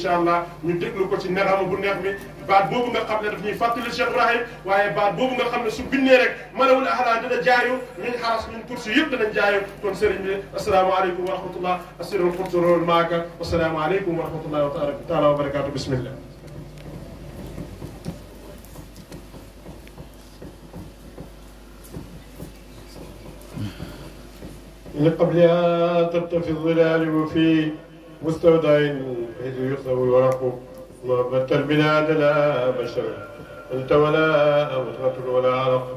incha allah ñu déglu ko ci nerama bu neex mi baat boobu nga xam ne daf ñuy fàttali Cheikh Ibrahim waaye baat boobu nga xam ne su bindee rek manawul ahraa dana jaayu min xaras min kursi yëpp danañ jaayu kon sëriñ bi asalaamaaleykum wa rahmatullah asirul xurturol maaka asalaamaaleykum wa rahmatullahi wa taala wa barakaatu bismillah قبلها تبت في الظلال وفي مستودع حيث يخصب الورق ما بت البلاد لا بشر أنت ولا مطرة ولا عرق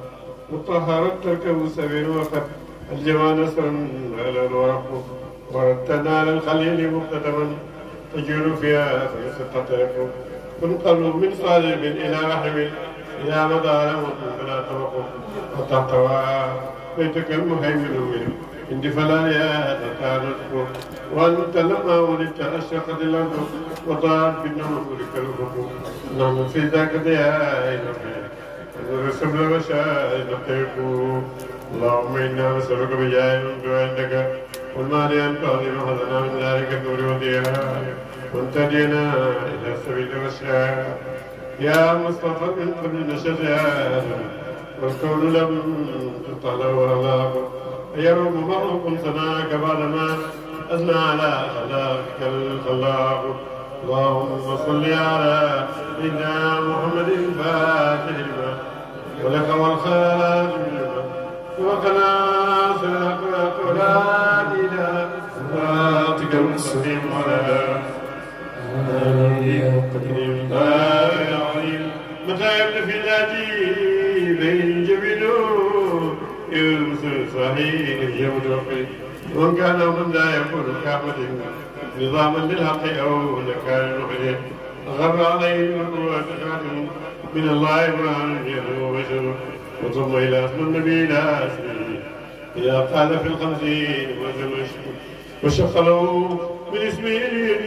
مطهرة تركب سبيل وقد الجمع نسرا على الورق وردت نال الخليل مقتدما تجول فيها فيسقط لكم كن قلب من صالب إلى رحم إلى مدار فلا تبقوا وتحتوى بيتك المهيمن منه عندي فلا يا تتارك وأنت لما ولدت أشرقت الأرض وضاعت بنورك الأفق نعم في ذاك يا الرسم البشائر نطيق اللهم إنا نسألك بجاه من عندك والمال أن تعظم حظنا من ذلك النور وضيها وانتدينا إلى سبيل الرشاد يا مصطفى من قبل نشد والكون لم تطلع ولا يروم مرق سناك بعدما أثنى على خلاقك الخلاق اللهم صل على سيدنا محمد الفاتح لما ولك والخالق لما وقناص الأخلاق ولا إله صراطك المستقيم ولا آله وقديم العظيم متى يبدو في ذاتي بين صحيح يملك ومن كان من لا يكون كعبد نظاما للحق او نكال عليه غفر عليه من من الله ما وبشره وثم الى اسم النبي لا اسمه اذا قال في الخمسين وزن وشق له من اسمه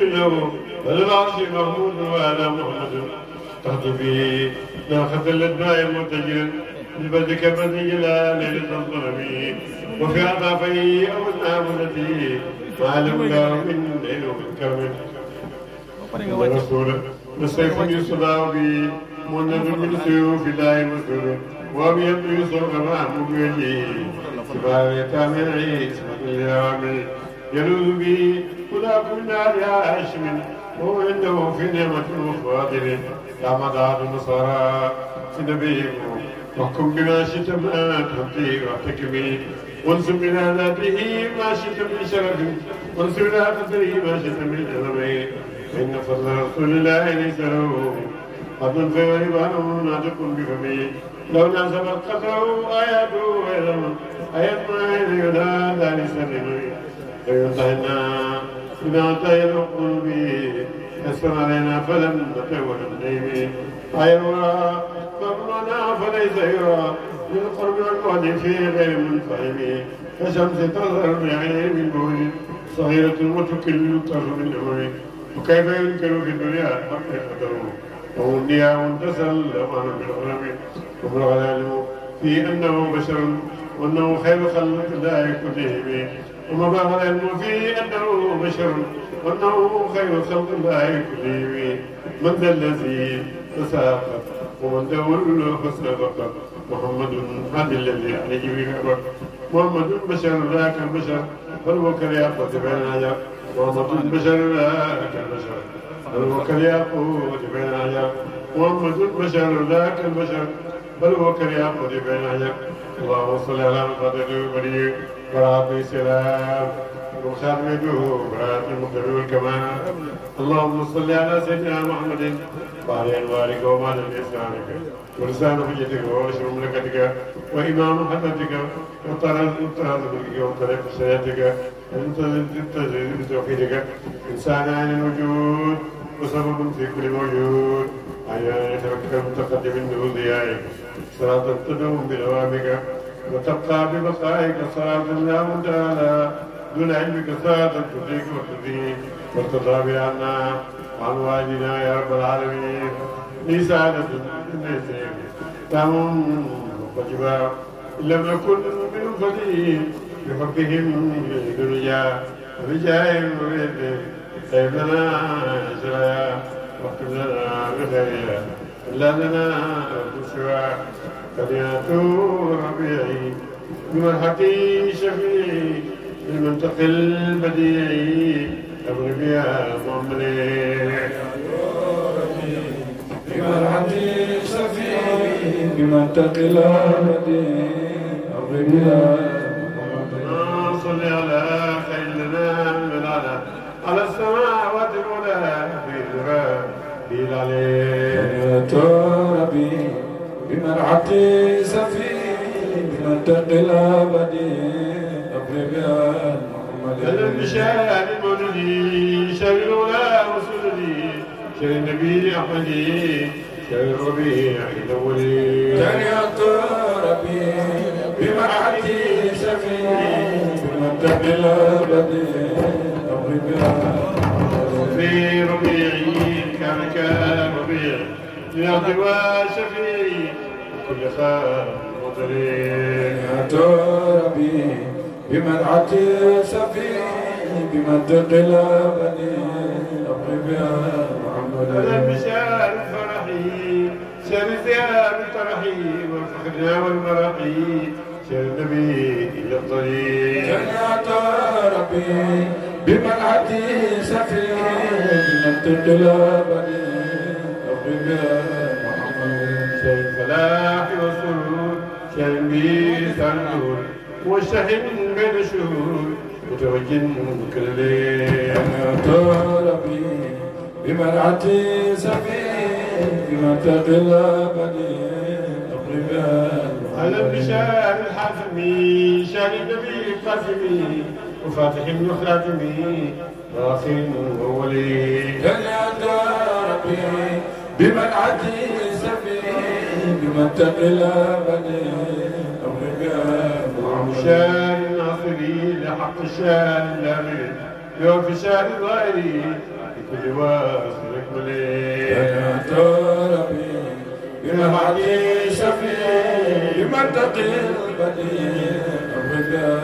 له وللعرش محمود وعلى محمد تحت فيه ناقه الادباء متجرا ببذلك بذل إلى ليلة الظلم وفي عطافي أو الآمنتي ما لم له من ليل ومن كرم رسول السيف يصدع بي مند من سيوف الله مسلم وبيد يصدع معه بيدي كبار يتامن عيسى اليوم يلوذ بي كلا كل نار يا هاشم هو عنده في نعمة وفاضل يا مدار النصارى في نبيكم واحكم بما شئت من حقي واحتكمي وانصب من ذاته ما شئت من شرف وانصب من قدره ما شئت من ألمي فإن فضل رسول الله ليس له قد فيغيبانه ناطق بفمي لولا سبقت له آياته ويلم آيات ما يدعى لا لسلمي فينتهينا بما تهيأ قلبي يسكن علينا فلم نطيع النيم أيرا فمنا فليس يرى للقرب والبعد في غير منفهم كشمس تظهر بعين بوي صغيرة وتكل الطرف من عمري وكيف ينكر في الدنيا حقيقته ومنيا وانتسل لمعنى بالعلم وبالغلال في أنه بشر وأنه خير خلق الله كلهم وما بلغ العلم في أنه بشر والنوم خير خلق الله كليوي من ذا الذي تساقط ومن دول فسبقت محمد هذا الذي عليه وقت محمد بشر لا كالبشر بل هو كالياقوت بين عجب محمد بشر لا كالبشر بل هو كالياقوت بين عجب محمد بشر لا كالبشر بل هو كالياقوت بين عجب اللهم صل على محمد البريء وعلى سلام وخرجه برات المقتدى والكمال اللهم صل على سيدنا محمد وعلى انوارك ومال لسانك ولسان حجتك ورشر مملكتك وامام حضرتك وطراز طراز ملكك وطريق شريعتك ومنتظر بتوحيدك انسان عين الوجود وسبب في كل موجود أيا يتوكل متقدم بوضيائك صراط تدوم بدوامك وتبقى ببقائك صراط لا منتهى دون علمك ساعة تطيق وتطيق وارتضى بعنا وعن والدنا يا رب العالمين لي سعادة ليس تهم وجبا إن لم نكن من فدي بحبهم للدنيا وبجاههم وبيدهم سيدنا سرايا واكتب لنا بخير إلا لنا سواك قد ينتو ربيعي بمرحتي شفيعي المنتق البديع قبل بها مملك بمرحمتي شفيعي بمنتق البديع قبل بها صل على خيرنا من على على السماوات الأولى في العلي ربي بمرحمتي سفيعي بمنتق الأبدي يا محمد سلم بشهاد مولدي شر الولا رسولي شر النبي احمدي شر ربيع الاولي تنيط ربي بمرحتي شفيع بمنتهى الابد في ربيعي كان كربيع يرضي وشفيعي كل خير مدري يا ربي بمن عتي سفي بمن تقلبني أقرب يا محمد المشاعر فرحي شمس يا بطرحي والفخر يا والمرحي شر النبي يقتلي جنات ربي بمن عتي سفي بمن تقلبني أقرب يا محمد شر الفلاح والسرور شر النبي وشهد من غير شهود متوجه مكلين طلبي بمرعتي سفيه بمنطق الابدي تقريبا على بشار الحاتمي شهد به قاسمي وفاتح بن خاتمي واخر اولي تنادى ربي بمنعتي سفيه بمنطق الابدي تقريبا شان ناصري لحق شان لامين يوم في شان ظاهري بكل واصل مليل أنت ربي بمعدي شفيع من تقي البديع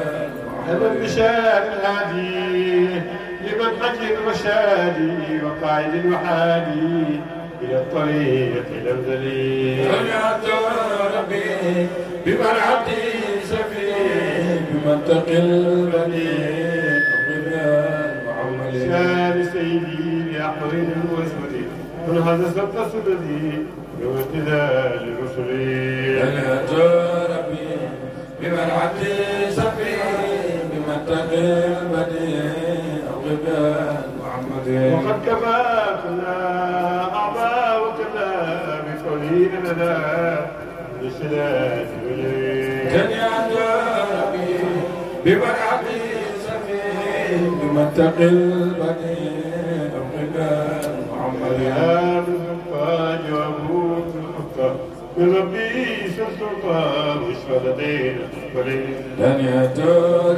أهلا بشان هادي لمن حجر رشادي وقاعد الوحادي إلى الطريق الأبدلي سمعت ربي بمن عبدي منطق البنين غنى وعمل شان سيدي لأحمر واسمتي من هذا السبت الذي بامتداد رسلي أنا ربي بمن عدي سفي بمنطق البنين غنى وعمل وقد كما كنا أعمى وكنا بقولين لنا بالسلاسل كان يا بمنعه سفيه بمتق البني أمنا محمد يا الحفاج وأبوك الحفاظ بربي سلطان وشهدين دنيا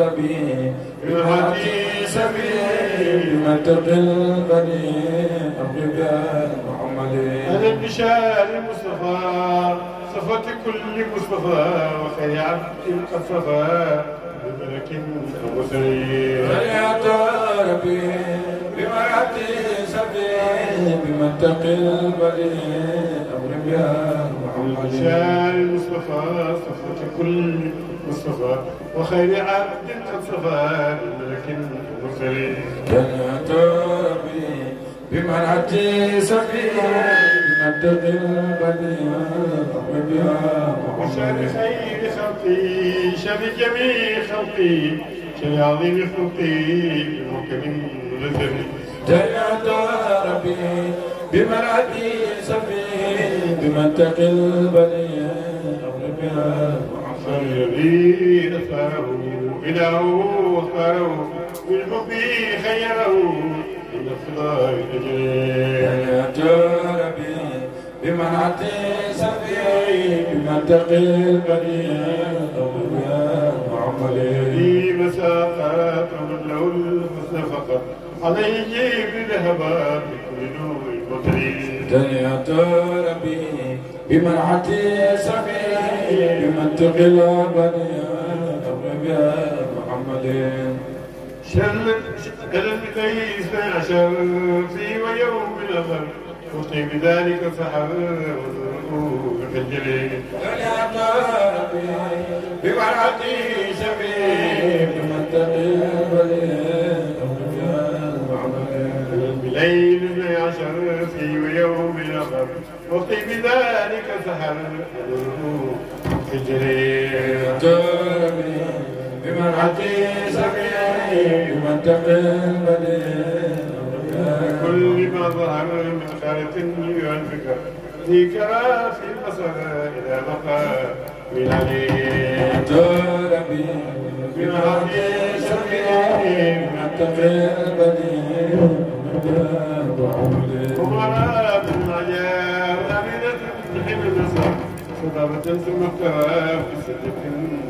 ربي بالحكي سبيل بمتق البني أمنا محمد أنا بشار المصطفى صفة كل مصطفى وخير عبد المصطفى بملك مسير يا ربي بمرأة سبي بمنطق البريء أمر يا محمد شاعر المصطفى صفوة كل مصطفى وخير عبد قد صفى بملك مسير يا ربي بمنعتي سقيما نتق البديع وبها وشر خير خلقي شر جميع خلقي شر عظيم خلقي وكريم رزقي تيأت ربي بمنعتي سقي بمنطق البديع وبها وشر الذي نصره إله واختاره بالحب خيره الخضار تجري ربي بمنعتي سفيعي بمنطق البديع عملي مسافات من لون المسافقة علي بالهباء بكل نور مطري دنيا ربي بمنعتي سفيعي بمنطق البديع محمد شلت دلت بخير ما في ويوم الأمر وطي بذلك فحر في الجليل ولا قلبي بورعتي شبيب من تقبل بليل عشر في ويوم الأمر وطي بذلك فحر في الجليل بمن عدي سقي من تقل بدي كل ما ظهر من خالق ينفك ذكرى في البصر إلى مقام من عليه ربي بمن عدي سقي من تقل بدي ومرأة العجاب أمينة من حين النصر صدابة ثم اختفى في سدة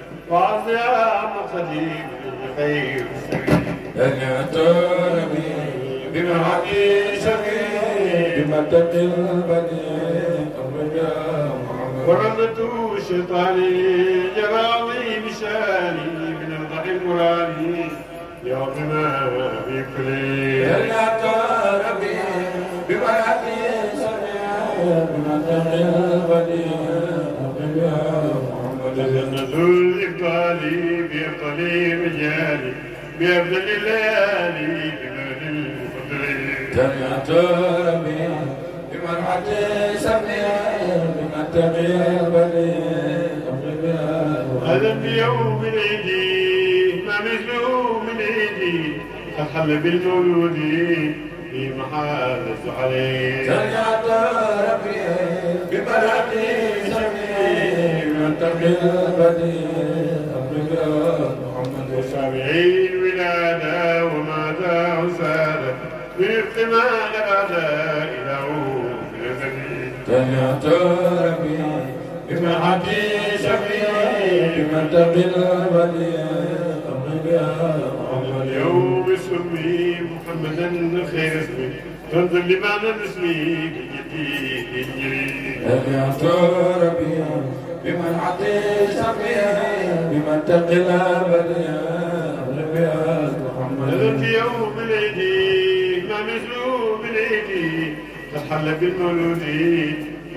وعزام خليل الخير أن يعترني بمعدي شقي بمدد البني ورمت شيطاني جراوي بشاني من الضحي مراني يومنا بكل يا ربي بمعدي شقي بمدد البني ودفن ذو الإقبال بأقل مجالي بأفضل الليالي بمهد الفضل جنة ربي بمن حتى سميع بمن تقي البلي هذا في يوم العيد ما مثله من عيدي قد حل بالمولود في محال عليه جنة ربي بمن حتى سميع منتقل أبدي أمرك محمد الشافعي ولادا وماذا وسادا باحتمال أدائه في الزمين تنعت ربي بمعتي شفيعي منتقل أبدي أمرك محمد يوم سمي محمدا خير اسمي تنظر لمعنى اسمي بجدي ربي بمن عطيت بها بمن تقل ابدا ربيات محمد ذلك يوم العيد ما مثله من عيد تحل بالمولود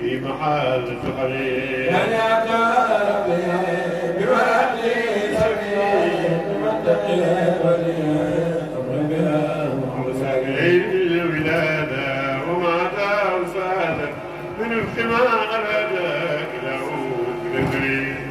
في محل فقري هناك ربي بمن عطيت بها بمن تقل ابدا ربيات محمد عيد الولاده ومع وفاته من اختمار ابدا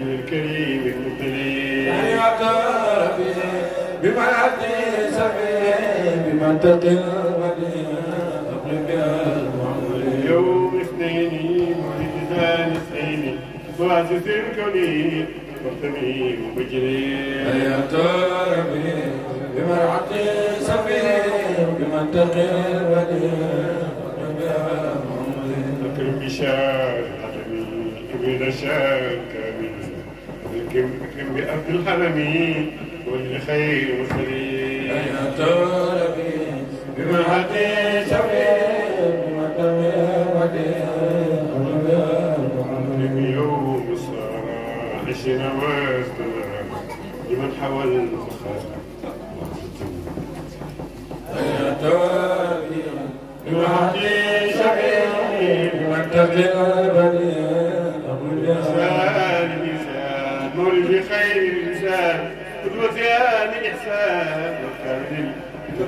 للكريم المقيم بما يعدي سبيل بمنطق المدينة يوم اثنين ولدان اثنين وعزز الكوني مرتمي ومجري يا ربي بمرعتي سبيل بمنطق المدينة أكرم بشار أكرم إبن شاكر كم بأبد الحرمين والخير المرسلين أين تربي بما هدي شفيع بما تمر ودي يوم الصلاة عشنا واستمر لمن حول الخلق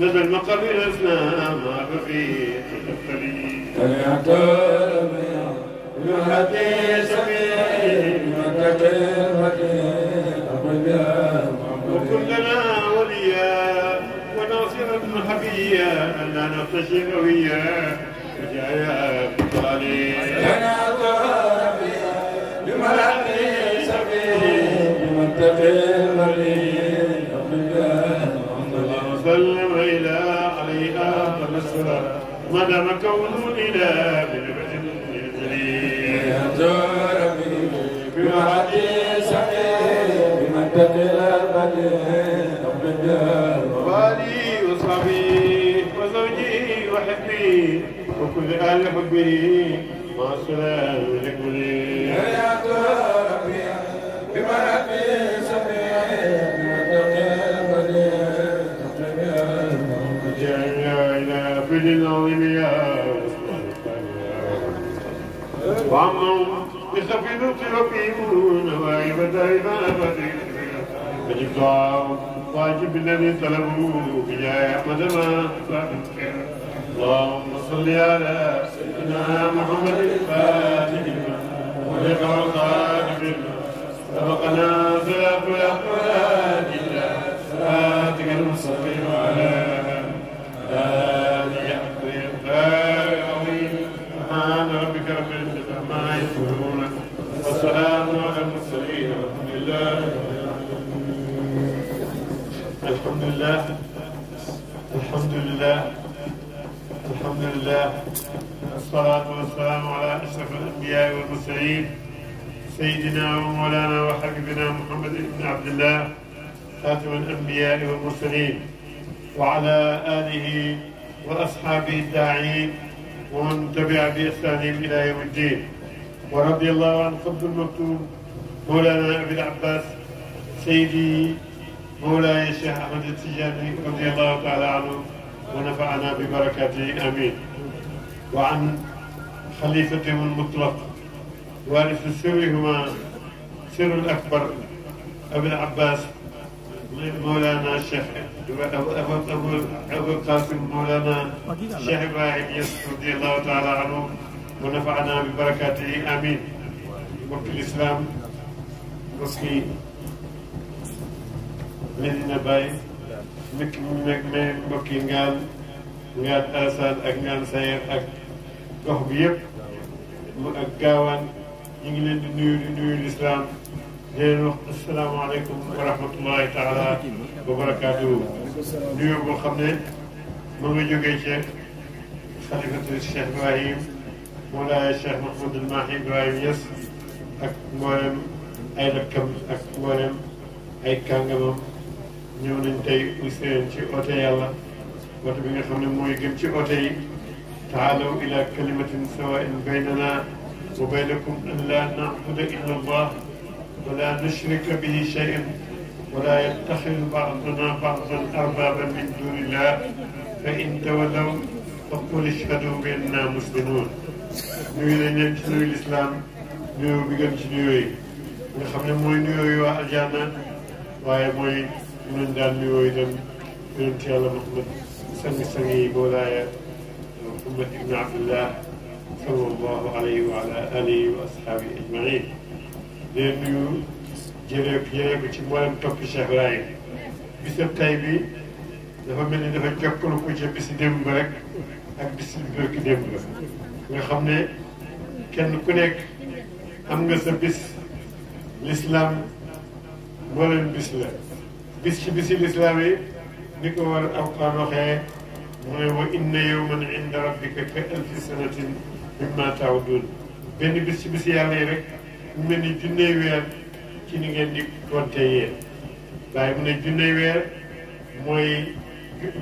لدى المقابر أسنا ما بفيه تختلي تلعت ربيع يهدي سبيل مكة الهدي أبدا وكلنا وليا وناصرا حبيا ألا نفتشر ويا وجايا بطالي تلعت ربيع يهدي سبيل مكة الهدي مدام كون الإله بالبدن يزري بمحدي سعيد بمدة البدن والي وصحبي وزوجي وحبي وكل أهل حبي مع السلام لكل يا ربي بمحدي سعيد وعمروا بسفينة يقيمون وعيب دائما أبدا فجبتها واجب الذي طلبوه بجاه أحمد ما اللهم صل على سيدنا محمد الفاتح ولك والقادم سبقنا سلاف الأحوال إلا صلاتك المستقيم على والسلام على المرسلين والحمد لله رب العالمين الحمد لله الحمد لله الحمد لله الصلاة والسلام على أشرف الأنبياء والمرسلين سيدنا ومولانا وحبيبنا محمد بن عبد الله خاتم الأنبياء والمرسلين وعلى آله وأصحابه الداعين ومن تبع بإحسانهم إلى يوم الدين ورضي الله عن قبض المكتوم مولانا أبي العباس سيدي مولاي الشيخ أحمد التجاني رضي الله تعالى عنه ونفعنا ببركاته آمين وعن خليفتهم المطلق وارث سرهما سر الأكبر أبي العباس مولانا الشيخ أبو, أبو, أبو القاسم مولانا الشيخ إبراهيم يسر رضي الله تعالى عنه wa nafaanaa bi barakaatihi amin mbokki lislaam mbokki Medina Baye nekk mais mbokki ngaan ngaan Alassane ak ngaan Sayer ak gox bi yëpp mu ak gaawaan ñu ngi leen di nuyu di nuyu lislaam di leen wax asalaamaaleykum wa rahmatullahi taala wa barakaatuhu nuyu boo xam ne mën nga jógee ci xalifatul Cheikh Ibrahim Mawlaaya Cheikh Mahmoudul Mahi Ibrahim Niass ak mboolem ay rakkam ak mboolem ay kàngamam ñëw nañ tey useen ci oote yàlla oote bi nga xam ne mooy gën ci oote yi taalaw ila kalimatin sawain baynana wa baynakum an la na'buda illa allah wa la nushrika bihi shay'an wa la yattakhidha ba'duna ba'dan arbaban min dunillah fa in tawallaw faqul ishhadu bi anna muslimun nuyu nañ leen ci nuyu lislaam nuyoo bi gën ci nuyoo yi nga xam ne mooy nuyoo yi waa aljanna waaye mooy ñun daan nuyoo itam yonent yàlla Muhammad sang-sang yi boolaaya Muhammad ibn Abdullah sallallahu alayhi wa ala alihi wa ashaabihi ajmain leen nuyu jëlee jëlee ko ci mboolem topp Cheikh Laye bisab tay bi dafa mel ni dafa jokkalu ko ca bisi démb rek ak bisi bërki démb la nga xam ne kenn ku nekk am nga sa bis lislaam mbooleem bis la bis ci bisi lislaam yi ni ko war alquran waxee mooy wa inna yawman inda rabbika ka alfi sanatin mimma taawdun benn bis ci bisi yàlla yi rek mu mel ni junney weer ci ni di konte waaye mu ne junney weer mooy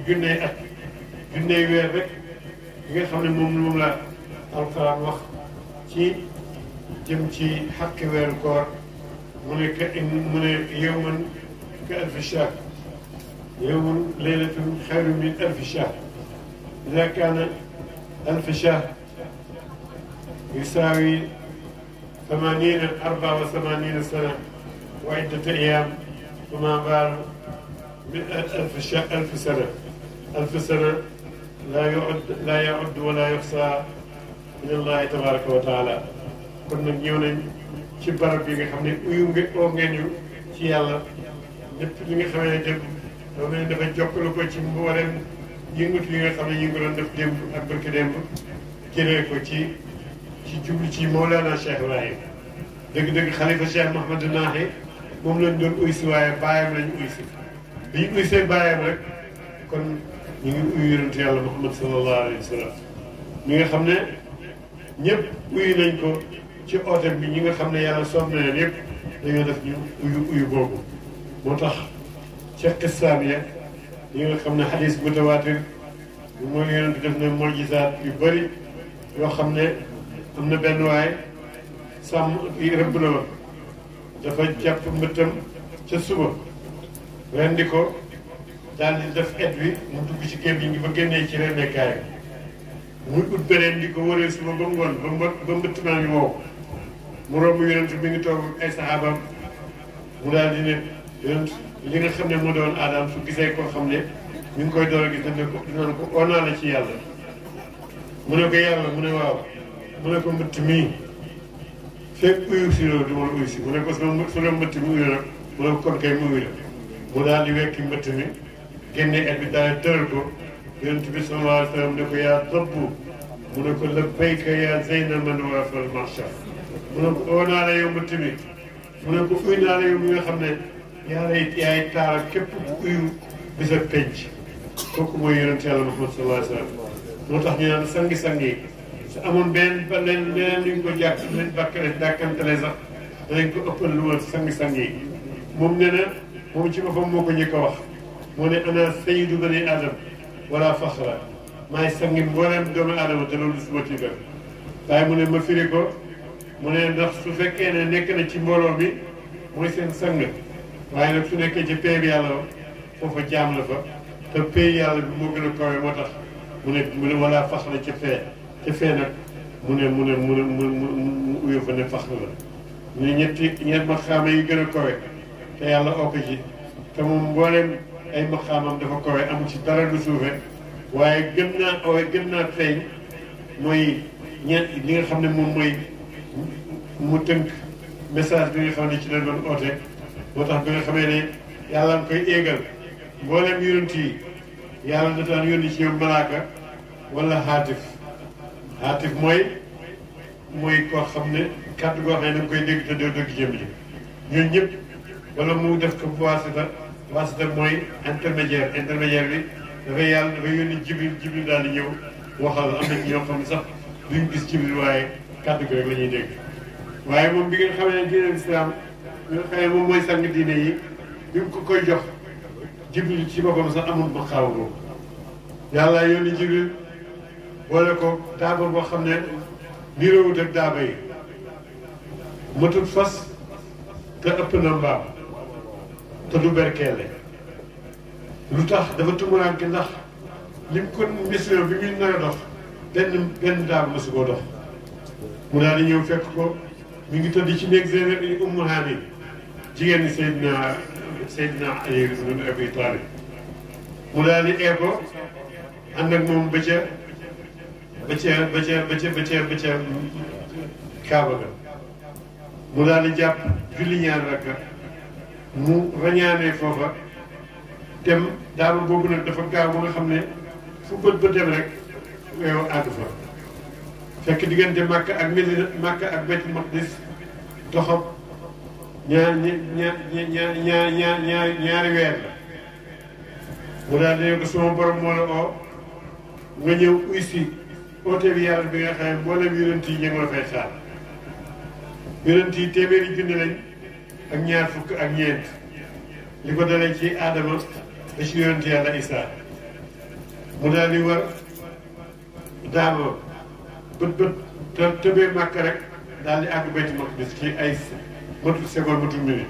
junney at junney weer rek nga xam ne moom moom alxuraan wax ci jëm ci xaqi weeru koor mu ne ka mu ne yowman ka alfi shahr yowman leylatun xayru min alfi shahr ida kaana alfi shahr yusaawi ثمانين أربعة وثمانين سنة وعدة أيام وما بال ألف ش... ألف سنة ألف سنة لا يعد لا يعد ولا يحصى min allahi tabaraka wa taala kon nag ñëw nañ ci barab bi nga xam ne uyu nge oo ngeen ci yàlla lépp li nga xamee ne démb doo ne dafa jokkalu ko ci mboolem yi nga xam ne ñu ngi doon def démb ko ci ci jublu ci Mawlana Cheikh Ibrahim dëgg-dëgg xalifa Cheikh Mouhamad Naaxi moom lañ doon uysi lañ uysi bi ñu uysee bàyyam rek kon ngi xam ne ñëpp uyu nañ ko ci oote bi ñi nga xam ne yàlla sonn na leen yëpp dañoo def ñu uyu uyu boobu moo tax ca xistaam ya ñi nga xam ne xadis mutawaatir mooy yonent bi def na morjisaat yu bari yoo xam ne am na benn waay sàmm yi rëbb la woon dafa jàpp mbëttam ca suba rendi ko daal di def et bi mu dugg ci géej gi ba génnee ci rendekaay muy ut beneen di ko wëree suba ba ba mbë ba mbëtt maa ngi wow mu romb yonent mi ngi toog ay saxaabam mu daal di ne yonent li nga xam ne moo doon aadam su gisee koo xam ne ñu ngi koy door gis ne ko naan ko onaa ci yàlla mu ne ko yàlla mu ne waaw mu ne ko mbëtt mii fekk uyu si loolu du uyu si mu ne ko su mbëtt mi uyu nag mu ne ko kon kay mu uyu la mu daal di wekki mbëtt mi génne et daal tëral ko yonent bi sallallahu alayhi wa sallam ne ko yaa dabbu mu ne ko labbayka yaa zeyna man ko oo naa la yow mbëtt ko uy naa la nga xam ne yaa lay yaay taaral képp ku uyu bisa penc kooku mooy yonent yàlla Muhammad sallallahu alayhi wa moo tax ñu naan sangi-sang yi su amoon benn ba leen leneen ñu ko jàpp leen bàkkale dàkkantale sax danañ ko ëppal lu woon sangi-sang moom nee na moom ci boppam moo ko njëkk wax moo ne ana sayyidu bani aadama wala faxra maay sangi mbooleem doomu aadama te loolu suma ci waaye mu ne ma firi ko mu ne ndax su fekkee ne nekk na ci mbooloo bi mooy seen sang waaye nag su nekkee ci pay bi yàlla foofa jaam la fa te pay yàlla bi moo gën a kawe moo tax mu ne mu ne mu ne mu ne mu mu mu uyo fa ne faxra la mu ne ñetti ñeent ma xaame yi gën a kawe te yàlla okk ci te moom mbooleem ay maqaamam dafa kowe amul ci dara lu suufe waaye gën naa waaye gën naa feeñ mooy ñe li nga xam ne moom mooy mu tënk message bi nga xam ne ci la doon oote moo tax bi nga xamee ne yàlla nga koy éegal mboolem yonent yi yàlla da daan yónni ci ñoom malaaka wala xaatif xaatif mooy mooy koo xam ne kàddu goo xam ne da koy dégg te doo dégg jëm ji ñooñu ñëpp wala mu def ko bu waasita wasita mooy intermédiaire intermédiaire bi dafay yàlla dafay yónni jibril jibril daal di ñëw waxal am na ci ñoo xam ne sax duñ gis jibril waaye kàddu gi rek la ñuy dégg waaye moom bi ngeen xam ne diine islam nga xam ne moom mooy sang diine yi bi mu ko koy jox jibril ci boppam sax amul ma xaaw boobu yàlla yónni jibril boole ko daaba boo xam ne niroowut ak daaba yi matut fas te ëpp na mbaam te du lu tax dafa tumuraanke ndax lim ko mission bi muy nar a dox benn benn daam mësu koo dox mu daal di ñëw fekk ko mu ngi tëdd ci néeg Zeynab yi Ummu Haani jigéen ñi Seydina Seydina Ali ibn Abi mu daal di ee ko ànd ak moom ba ca ba ca ba ca ba ca ba mu daal di jàpp julli ñaar mu rañaanee foofa dem daaru boobu nag dafa gaaw ba nga xam ne fu bët ba dem rek yow àddu fa fekk diggante Màkka ak Medina Màkka ak Baytul Maqdis doxam ñaar ñaar ñaar ñaari weer la mu daal di ko sama borom moo la oo nga ñëw uy si oote bi yàlla bi nga xam ne mboolem yonent yi ñu ngi la fay yi téeméeri junni lañ ak ñaar fukk ak ñeent li ko dalee ci aadama ba ci yonent yàlla isaa mu daal di war daanoo bët bët te tëbee màkk rek daal di àgg bayti maqdis ci ay matul seconde matul minute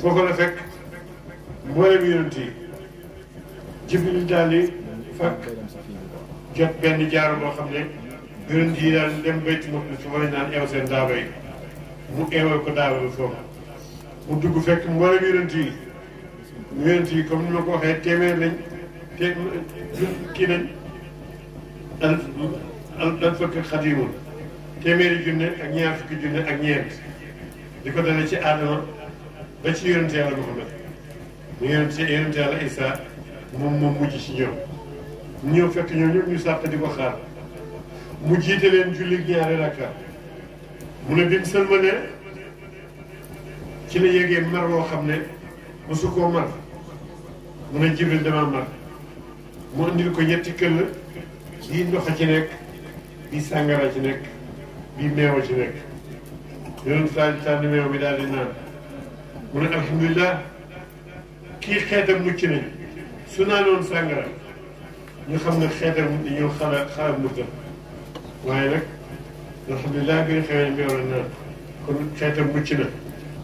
foofu la fekk mboolem yonent yi jibril daal di fàkk jot benn jaaro boo xam ne yonent yi daal di dem bayti maqdis su fa lañ naan ew seen daaba yi mu teewal ko daawal foofu mu dugg fekk mboolem yonent yi yonent yi comme ni ma ko waxee téeméer lañ te kii nañ al al al fëkk xadiimul téeméeri junne ak ñaar fukki junne ak ñeent di ko dale ci aadama ba ci yonent yàlla Muhammad mu yonent yonent yàlla Isaa moom moom mujj ci ñoom ñëw fekk ñoom ñëpp ñu sàpp di ko xaar mu jiite leen julli ñaari rakka mu ne bi mu sëlmalee ci la yëgee mar woo xam ne mosu koo mar mu ne Jibril dama mar mu andil ko ñetti këll bii ndox a ci nekk bii sàngara ci nekk bii meew ci nekk yonen sa sànni meew bi daal di naan mu ne alhamdulilah kii xeetam mucc nañ su naanoon sàngara ñu xam ne xeetam dañoo xala xala mucc waaye nag alhamdulilah bi nga xamee ne meew la naan kon xeetam mucc na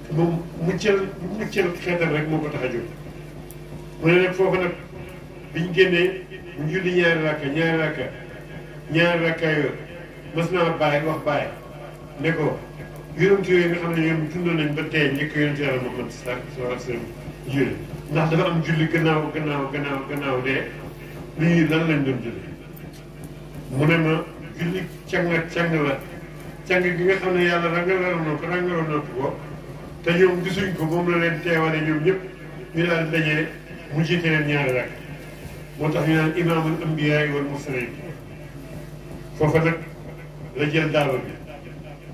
te moom muccal muccal xeetam rek moo ko tax a jóg mu ne nag foofu nag biñ génnee ñu julli ñaari rakka ñaari rakka ñaari rakka yooyu mas naa bàyyi wax bàyyi ne ko yonent yooyu xam ne ñoom dund nañ ba tey njëkk yonent yàlla julli ndax gannaaw gannaaw gannaaw gannaaw dee lii lan lañ doon julli mu ne ma julli càng la càng la càng gi nga xam ne yàlla rangaloon na ko rangaloon na ko te ñoom gisuñ ko moom la leen teewale ñoom ñëpp ñu daal dajee mu jiite leen ñaari rek moo tax ñu naan imaamul ambiyaay wal mursalin foofa nag la jël daaba bi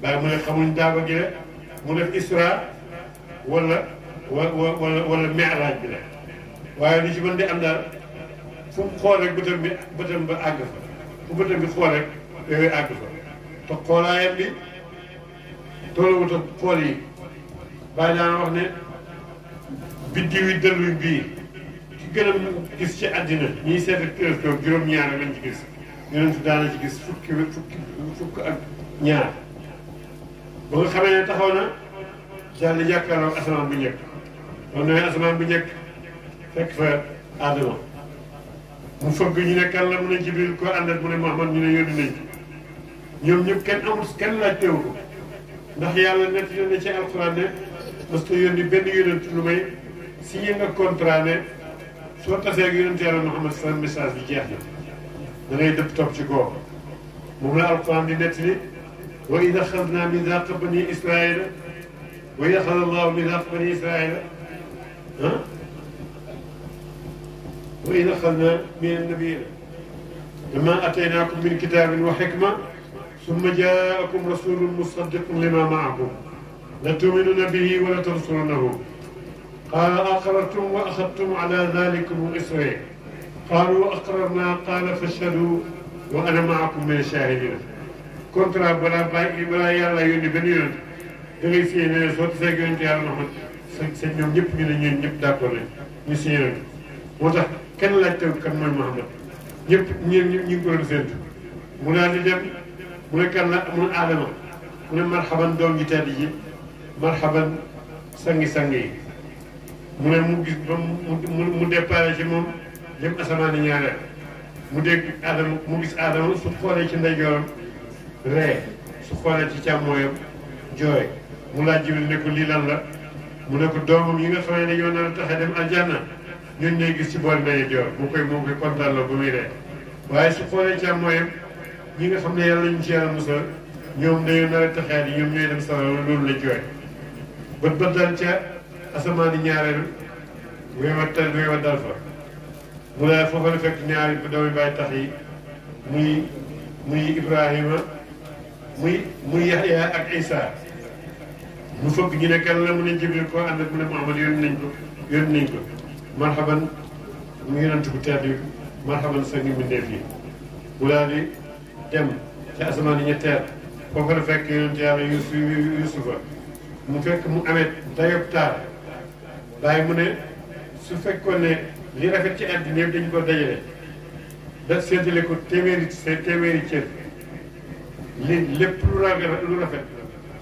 baa mu ne xamuñ daaba la mu def isra wala wa wala wala miraaj bi la waaye li ci mën di am daal fu xool rek bëtam bi bëtam ba àgg fa fu bëtam bi xool rek yooyu àgg fa te bi tolluwut ak xool yi bàyyi daan wax ne biddiwi dëlluñ bii ki gën a gis ci àddina ñiy seet ak juróom-ñaar lañ ci gis yeneen fi daana ci gis fukki fukki fukk ak ñaar ba nga xamee ne taxaw na daal di asamaan bu njëkk loolu nooy asamaan bu njëkk fekk fa aadama mu fëgg ñu ne kan la mu ne jibril ko àndal mu ne muhammad ñu ne yónni nañ ñoom ñëpp kenn amul kenn laajteewu ko ndax yàlla nett na ne ci alxuraan ne parce que yónni benn yonent lu may signé nga contrat ne soo tasee ak yonent yàlla Muhammad sa message bi jeex na da ngay dëpp topp ci kooku moom la alxuraan di nett ni wa id axadna misaaqa bani israila wa id axada allahu misaaqa bani israila ah wa id axadna min annabiina lama ataynakum min kitabin wa xikma summa jaakum rasulun musaddiqun lima maakum la tuminuna bihi wala tansurunahu qaala aqrartum wa axadtum ala dalikum isri qaalu aqrarna qaala fashhadu wa ana maakum min ashahidina contrat balaa bàyyi balaa yàlla yónni benn yonent da ngay signé ne soo gisee yonent yàlla Muhammad sa sa ñoom ñëpp ñu ne ñun ñëpp d'accord nañ ñu signé nañ moo tax kenn laaj taw kan mooy Muhammad ñëpp ñu ñu ngi ko doon séntu mu daal di dem. mu ne kan la mu ne aadama mu ne marxaban doom ji tedd yi marxaban sangi-sang mu ne mu gis ba mu mu déparé ci moom jëm asamaan ñaareel mu dégg aadama mu gis aadama su xoolee ci ndeyjooram ree su xoolee ci càmmooyam jooy mu laaj Jibril ne ko lii lan la mu ne ko doomam yi nga xamee ne yoon a taxee dem aljanna ñun ñooy gis ci boori ndeyjoor mu koy mu koy kontaan la ba muy ree waaye su xoolee càmmooyam ñi nga xam ne yàlla ñu ci yàlla musal ñoom dañoo nar texee ni ñoom ñooy dem sawara loolu la jooy bët ba dal ca asamaan yi ñaareel weewat tal weewat dal fa mu daal foofa fekk ñaari doomi bàyyi tax yi muy muy Ibrahima muy muy Yaxya ak Isa mu fëgg ñu ne kan la mu ne Jibril ko ànd ak mu ne Muhammad yónni nañ ko yónni nañ ko marhaban mu yonent bu tedd bi sa ngi mbindeef yi mu daal di dem ci asamaan yi ñetteel foofu la fekk yonent yàlla mu fekk mu amee dayob taar bàyyi mu ne su fekkoon ne li rafet ci àddina yëpp dañu ko dajale da seetale ko téeméeri téeméeri cër li lépp lu rafet lu rafet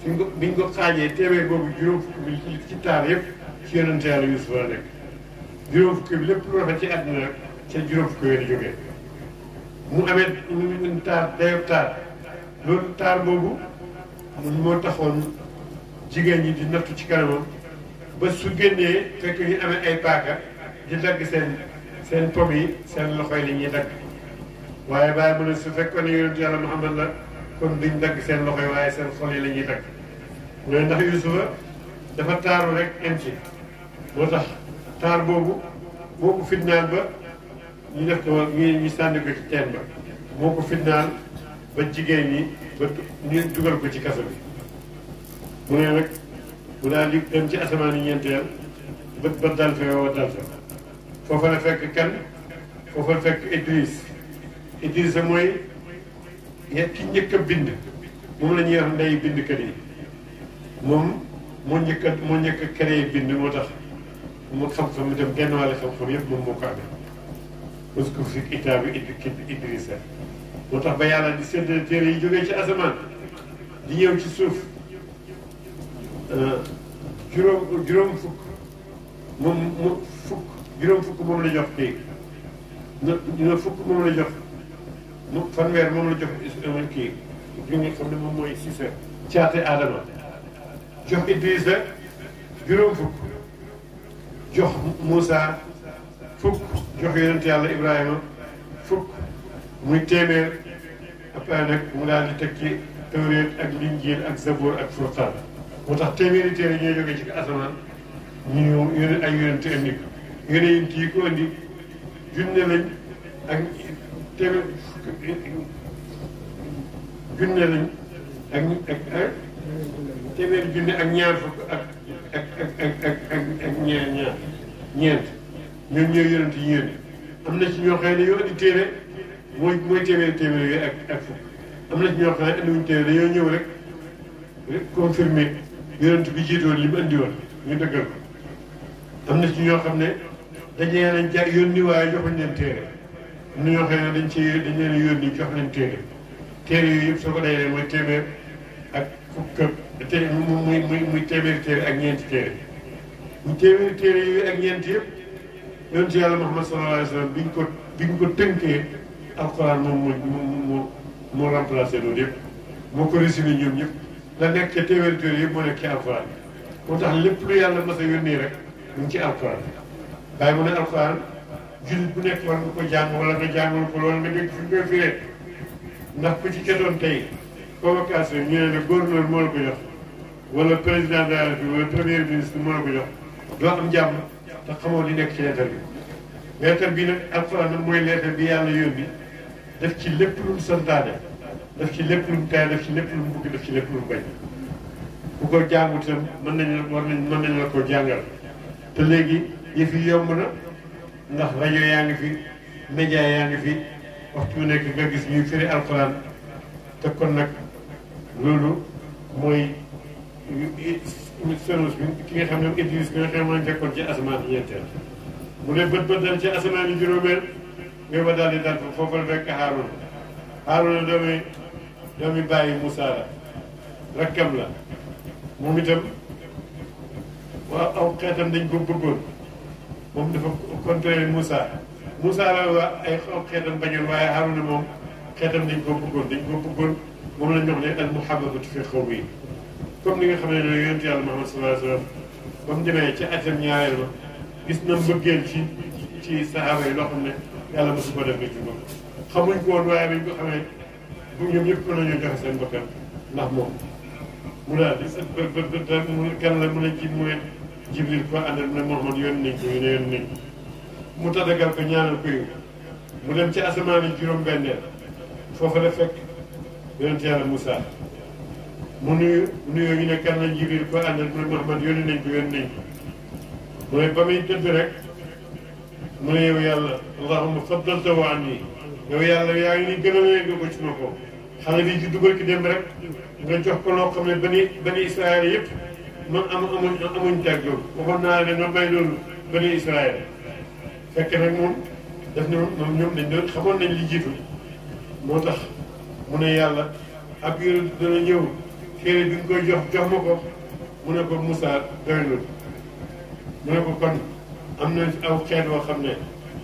suñ ko biñ ko xaajee téeméer boobu juróom fukk bi ci taar yëpp ci yonent yàlla yusufa la nekk juróom fukk bi lépp lu rafet ci àddina rek ca juróom fukk yooyu jógee mu amee une taar dayoo taar loolu taar boobu moo taxoon jigéen ñi di nattu ci kanamam ba su génnee fekk ñu amee ay paaka di dagg seen seen pom yi seen loxo yi la ñuy dagg waaye bàyyi mu ne su fekkoon ne yonentu yàlla Muhammad la kon duñ dagg seen loxo yi waaye seen xol yi la dagg loolu ndax Yuusufa dafa taaru rek em ci moo tax taar boobu boo ko fitnaan ba ñu def ko ñu sànni ko ci teen ba moo ko fitnaal ba jigéen ñi ba dugal ko ci kaso bi mu ne nag mu daal di dem ci asamaan yi ñeenteel bët ba dal fa yow dal fa foofa la fekk kan foofa la fekk Idriss ki njëkk bind moom la ñuy wax ndey bindkat yi moom moo njëkk a moo njëkk a bind moo tax mu xam-xam itam genn wàll xam-xam yëpp moom moo ko amee waskuf fi kitaabi Idrisa moo tax ba yàlla di séddale téere yi jógee ci asamaan di ñëw ci suuf euh, juróom juróom fukk moom mu fukk juróom fukk moom la jox tey na na fukk moom la jox mu fanweer moom la jox euh, kii li nga xam ne moom mooy Cissé caate Adama jox Idrisa juróom fukk jox Moussa. fukk jox yonent yàlla Ibrahima fukk muy téeméer après nag mu daal di teg ci tawreet ak linjiil ak zabóor ak furqaan moo tax téeméeri téere ñoo jógee ci asamaan ñu yonent indi yonent ak junne lañ ak ak junne ak ñaar fukk ak ak ak ak ñaar ñaar ñeent ñoom ñooy yonent yi ñu am na ci ñoo xam ne dañoo indi téere mooy mooy téeméer téeméer yooyu ak ak fukk am na ci ñoo xam ne indiwuñu téere dañoo ñëw rek rek confirmé yonent bi jiitoon li mu indi woon ñu dëggal ko am na ci ñoo xam ne dañee nañ ja yónni waaye joxuñ leen téere am na ñoo xam ne dañ ci dañ leen yónni jox leen téere téere yooyu yëpp soo ko dajalee mooy téeméer ak fukk ak té muy muy muy téeméeri téere ak ñeenti téere mu téeméeri téere yooyu ak ñeenti yëpp yonent yàlla Muhammad sallallahu alayhi wa sallam bi ñu ko bi ñu ko tënkee alquran moom moo moo moo remplacé loolu yëpp moo ko résumé ñoom ñëpp la nekk ca téeméeri téere moo nekk ci alquran moo tax a yónnee rek mu ngi ci alquran waaye mu ne bu nekk war nga ko jàng wala nga jàngal ko nga dégg fi ñu koy ndax ku ci jotoon tey convocation ñu ne la gouverneur moo la ko jox wala président de la République wala moo la ko jox doo am jàmm. te xamoo li nekk ci leetar bi leetar bi nag alxuraan nag mooy leetar bi yàlla yónni def ci lépp lu mu def ci lépp lu mu def ci lépp lu mu def ci lépp lu mu bañ bu ko jàngut itam mën nañu war nañ mën la ko jàngal te léegi yëf yi yomb na ndax rajo yaa ngi fi média yaa ngi fi waxtu bu nekk nga gis ñuy firi alxuraan te kon nag loolu mooy Firuz bi ki nga xam ne Iblis bi nga ci asamaan ñeenteel mu ne bët bët dal ci asamaan yi juróomeel ngay ba daal di dal foofu la fekk Haaruna Haaruna doomi bàyyi Moussa la rakkam la moom itam waaw aw xeetam dañ ko bëggoon moom dafa contré Moussa Moussa la waa ay aw xeetam bañoon waaye Haaruna moom xeetam dañ ko bëggoon dañ ko bëggoon moom la ñu wax ne al muhabbatu fi xaw yi comme li nga xam ne noonu yonent yàlla Muhammad sallallahu alayhi wa mu demee ci atam ñaareel ba gis na mbëggeel ci ci sahaaba yi loo xam ne yàlla mosu ko ci moom xamuñ ko woon waaye bañ ko xamee bu ndax moom mu daal di kan la mu ne ji mu ne Jibril ko àndal ci asamaan yi juróom-benneel foofa la fekk yonent mu nuyu nuyoo ñu ne kan la Jibril ko àndal mu ne Muhammad yónni nañ ko yónni nañ ko mu ne ba muy tëdd rek mu ne yow yàlla allahumma faddaltahu anni yow yàlla yaa ngi ni gënalee nga ko ci ma ko xale bi juddu barki dem rek nga jox ko loo xam ne bani bani Israël yëpp man am amuñ amuñ tàgg yow waxoon naa ne ma may loolu bani Israël fekk nag moom daf ne moom ñoom dañ doon xamoon nañ li jiitu moo tax mu ne yàlla ab yëre dana ñëw téere bi nga koy jox jox ma ko mu ne ko Moussa doyul mu ne ko kon am na aw xeet woo xam ne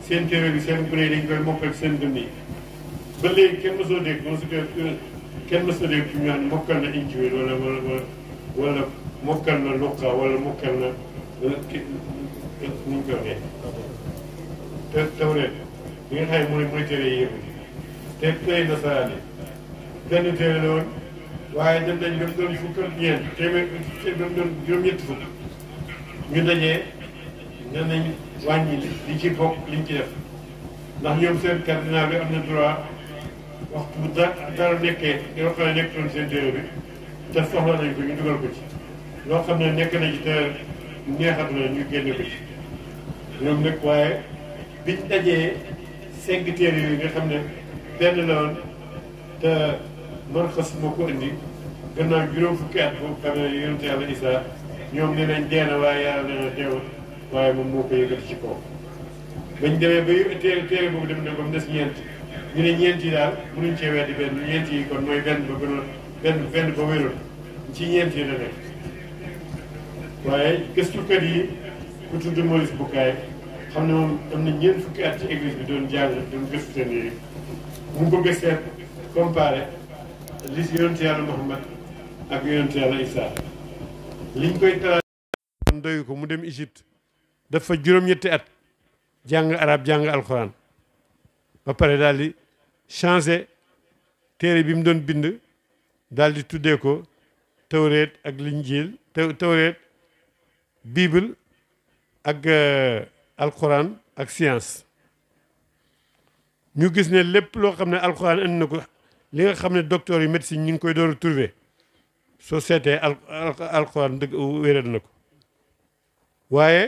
seen téere bi seen gune dañ koy mokkal seen dund yi ba léegi kenn mësoo dégg euh, mësu kenn mësoo dégg ci mokkal na injiwil wala wala wala mokkal na luqa wala mokkal euh, euh, te tawreet bi nga xam ne mooy mooy téere te tey nasaraan yi benn téere la waaye dem nañ ba mu doon fukk ak ñeent téeméer ba doon juróom-ñetti fukk ñu dajee ne nañ li ci bokk liñ ci def ndax ñoom seen cardinal bi am na droit waxtu bu dara nekkee yoo xam ne nekkoon seen déréw bi te soxla nañ ko ñu dugal ko ci loo xam ne nekk na ci te neexat na ñu génne ko ci ñoom waaye biñ dajee cinq téere yooyu nga xam ne benn la woon te man xas ko indi gannaaw juróom fukki at boobu xam ne yonent yàlla Isaa ñoom ne nañ dee na waaye yàlla nee na waaye moom moo ko yëkkati ci kaw bañ demee ba yë téere téere boobu dem na ba mu des ñeent ñu ne ñeent yi daal mënuñ cee weddi benn ñeent yi kon mooy benn ba gënoon benn benn ba wérul ci ñeent yi la nekk waaye gëstukat yi ku tudd Maurice Bucaille xam ne moom am na ñeent fukki at ci église bi doon jàng doon gëstu seen yooyu mu bëgg a seet comparé li si yonent yàlla Muhammad ak yonent yàlla Isaa liñ koy tara doyu ko mu dem Égypte dafa juróom-ñetti at jàng arab jàng alxuraan ba pare daal di changé téere bi mu doon bind daal di tuddee ko tawreet ak linjiil tawreet bible ak euh, alxuraan ak science ñu gis ne lépp loo xam ne alxuraan indi na ko li nga xam ne docteur yu médecine ñu ngi koy door a trouvé soo seetee al alquran dëgg wéral na ko waaye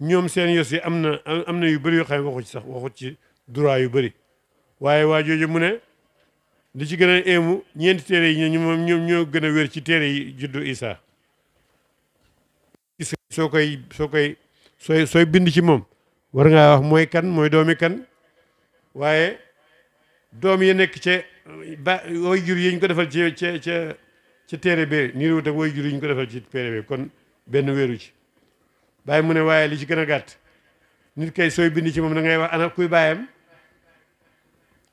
ñoom seen yos yi am na am na yu bëri yoo xam ne waxu ci sax waxu ci droit yu bëri waaye waa jooju mu ne li ci gën a éemu ñeenti téere yi ñu moom ñoom ñoo gën a wér ci téere yi juddu Isa soo koy soo koy sooy sooy bind ci moom war ngaa wax mooy kan mooy doomi kan waaye doom yi nekk ca ba way jur yi ñu ko defal ca ca ca ci téere bee niiruwut ak way jur ñu ko defal ci téere bee kon benn wéeru ci bàyyi mu ne waaye li ci gën a gàtt nit kay sooy bind ci moom dangay wax ana kuy baayam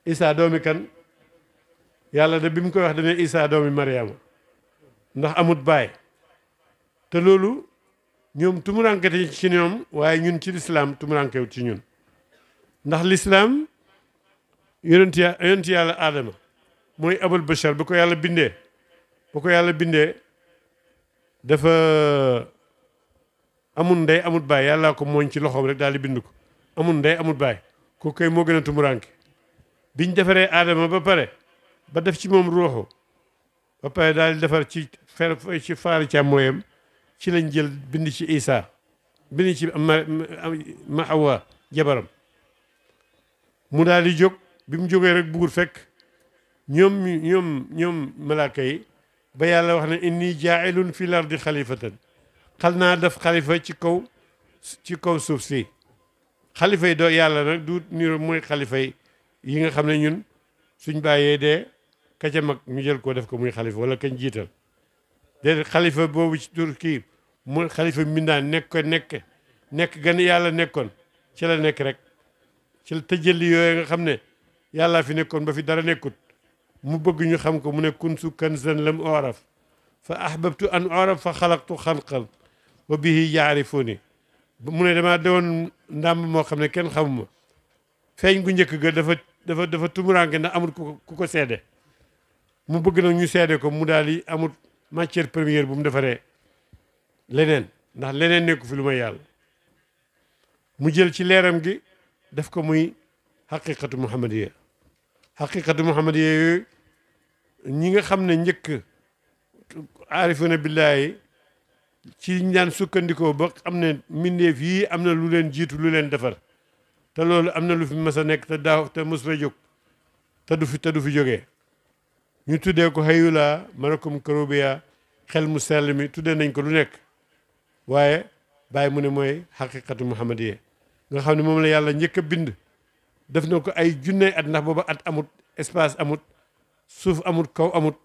isaa doomi kan yàlla da bi mu koy wax dane isaa doomi mariama ndax amut baay te loolu ñoom tumurankete ci ñoom waaye ñun ci lislaam tumurankewut ci ñun ndax lislaam yonent yonent aadama mooy abul bashar bu ko yàlla bindee bu ko yàlla bindee dafa amul ndey amut baay yàllaa ko mooñ ci loxoom rek daal di bind ko amul ndey amul baay ko koy moo gën a tumuranke biñ defaree aadama ba pare ba def ci moom ruuxu ba pare daal di defar ci fer ci càmmooyam ci lañ jël bind ci Isa bind ci ma Awa jabaram mu daal di jóg bi mu jógee rek bugur fekk ñoom ñoom malaaka yi ba yàlla wax ne inni jaailun fi lardi xalifatan xal naa def xalifa ci kaw ci kaw suuf si xalifa yi doo yàlla nag du niro mooy xalifa yi yi nga xam ne ñun suñ bàyyee dee ka mu jël koo def ko muy xalifa wala kañ jiital déedéet xalifa boobu ci tur kii mooy xalifa mbindaan nekk ko nekk nekk gën yàlla nekkoon ci la nekk rek ci la tëjëli yooyu nga xam ne yàllaa fi nekkoon ba fi dara nekkut mu bëgg ñu xam ko mu ne kuntu kanzan lam oraf fa ahbabtu an oraf fa xalaqtu xalqan wa bihi yaarifuni mu ne damaa dewoon ndàmb moo xam ne kenn xamuma feeñ ku njëkk ga dafa dafa dafa tumuranke ndax amul ku ku ko seede mu bëgg nag ñu seede ko mu daal di amul matière première bu mu defaree leneen ndax leneen nekku fi lu ma yàlla mu jël ci leeram gi def ko muy xaqiqatu muhammadiya xaqiqatu muhammadiya yooyu ñi nga xam ne njëkk aarifuna billaahi ci ñaan sukkandikoo ba am ne mbindeef yii am na lu leen jiitu lu leen defar te loolu am na lu fi mas a nekk te daaw te mos fa jóg te du fi te du fi jógee ñu tuddee ko hayula marakum karubiya xel mu sell mi tuddee nañ ko lu nekk waaye bàyyi mu ne mooy xaqiqatu muhammadiya nga xam ne moom la yàlla njëkk a bind def na ko ay junne at ndax booba at amut espace amut suuf amut kaw amut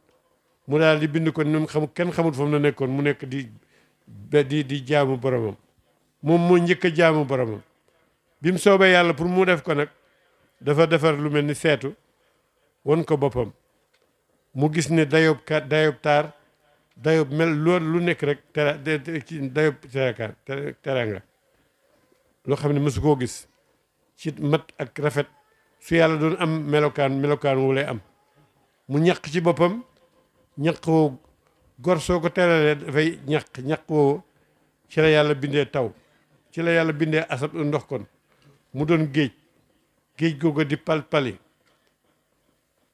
mu daal di bind ko ni mu xam kenn xamut fa mu nekkoon mu nekk di di di jaamu boromam moom moo njëkk a jaamu boromam bi mu soobee yàlla pour mu def ko nag dafa defar lu mel ni seetu won ko boppam mu gis ne dayob ka dayob taar dayob mel loolu lu nekk rek tera dayob terakaan teraanga loo xam ne mësu koo gis ci mat ak rafet su yàlla doon am melokaan melokaan wu lay am mu ñaq ci boppam ñaq woo gor soo ko teelalee dafay ñaq ñaq woo ci la yàlla bindee taw ci la yàlla bindee asab ndox kon mu doon géej géej googu di pal pali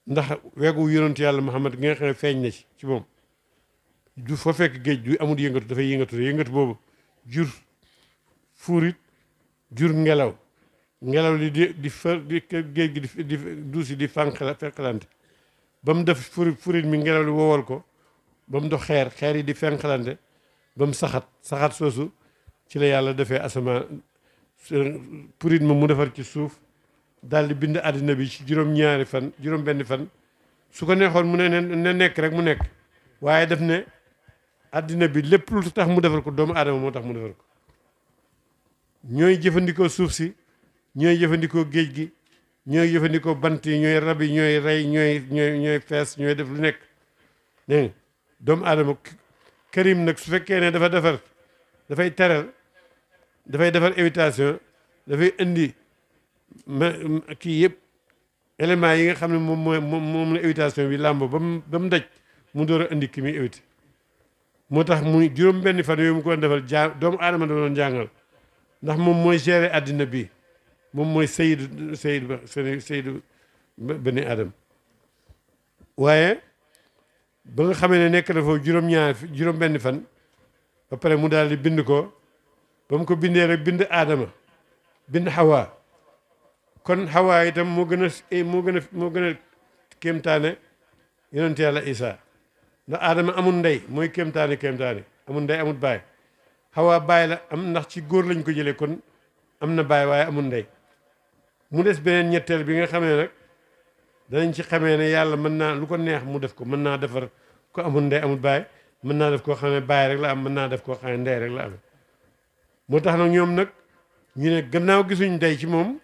ndax weegu yonentu yàlla Muhammad gi nga feeñ na ci ci moom du fa fekk géej du amul yëngatu dafay yëngatu yëngatu boobu jur fuurit jur ngelaw ngelaw li di di fër di duusi di fànqla ba mu def furit furit mi ngelaw li wowal ko ba mu dox xeer xeer yi di fenqalante ba mu saxaat saxat soosu ci la yàlla defee asamaan furit ma mu defar ci suuf daal di bind àddina bi ci juróom-ñaari fan juróom-benn fan su ko neexoon mu ne ne nekk rek mu nekk waaye def ne addina bi lépp lu tax mu defar ko doomu aadama moo tax mu defar ko ñooy jëfandikoo suuf si ñooy jëfandikoo géej gi ñooy yëfandikoo bant yi ñooy rab yi ñooy rey ñooy ñooy ñooy fees ñooy def lu nekk dégg nga doomu aadama karim nag su fekkee ne dafa defar dafay teral dafay defar invitation dafay indi ma kii yëpp élément yi nga xam ne moom mooy moom la invitation bi làmboo ba mu ba mu daj mu door a indi ki muy invité moo tax mu juróom benn fan yooyu mu ko defal jaa doomu aadama da doon jàngal ndax moom mooy gérer àddina bi moom mooy sayyidu sayyidu sayyidu bani adam waaye ba nga xamee ne nekk na foofu juróom-ñaar juróom-benn fan ba mu daal di bind ko ba mu ko bindee rek bind aadama bind xawaa kon xawaa itam moo gën a moo gën a moo gën a kéemtaane yonent isaa ndax aadama amul ndey mooy kéemtaane kéemtaane amul ndey amul baay xawaa baay la am ndax ci góor lañ ko jële kon am na baay waaye amul ndey mu des beneen ñetteel bi nga xamee nag danañ ci xamee ne yàlla mën naa lu ko neex mu def ko mën naa defar ko amul ndey amul baay mën naa def koo xam ne baay rek la am mën naa def koo xam ne ndey rek la am moo tax nag ñoom nag ñu ne gannaaw gisuñ ndey ci moom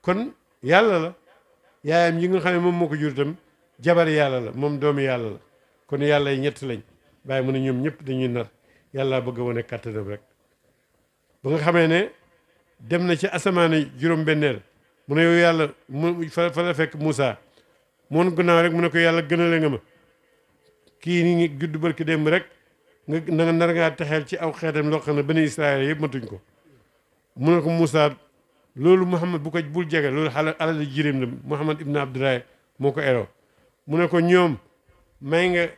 kon yàlla la yi nga xam ne moom moo ko jur jabar yàlla la moom doomu yàlla kon yàlla yi ñett lañ bàyyi mu ne ñoom ñëpp dañuy nar yàlla bëgg a wane kàttanam rek ba nga xamee ne dem na ci asamaani juróom-benneel mu ne yow yàlla mu fa fa la fekk Moussa moon gannaaw rek mu ne ko yàlla gënale nga ma kii ni ngi judd barki démb rek nga nar ngaa texeel ci aw xeetam loo na ne bani Israël matuñ ko mu ne ko Moussa loolu Mouhamad bu ko bul jege loolu xala alali jirim la Mouhamad ibn Abdoulaye moo ko eroo mu ne ko ñoom may nga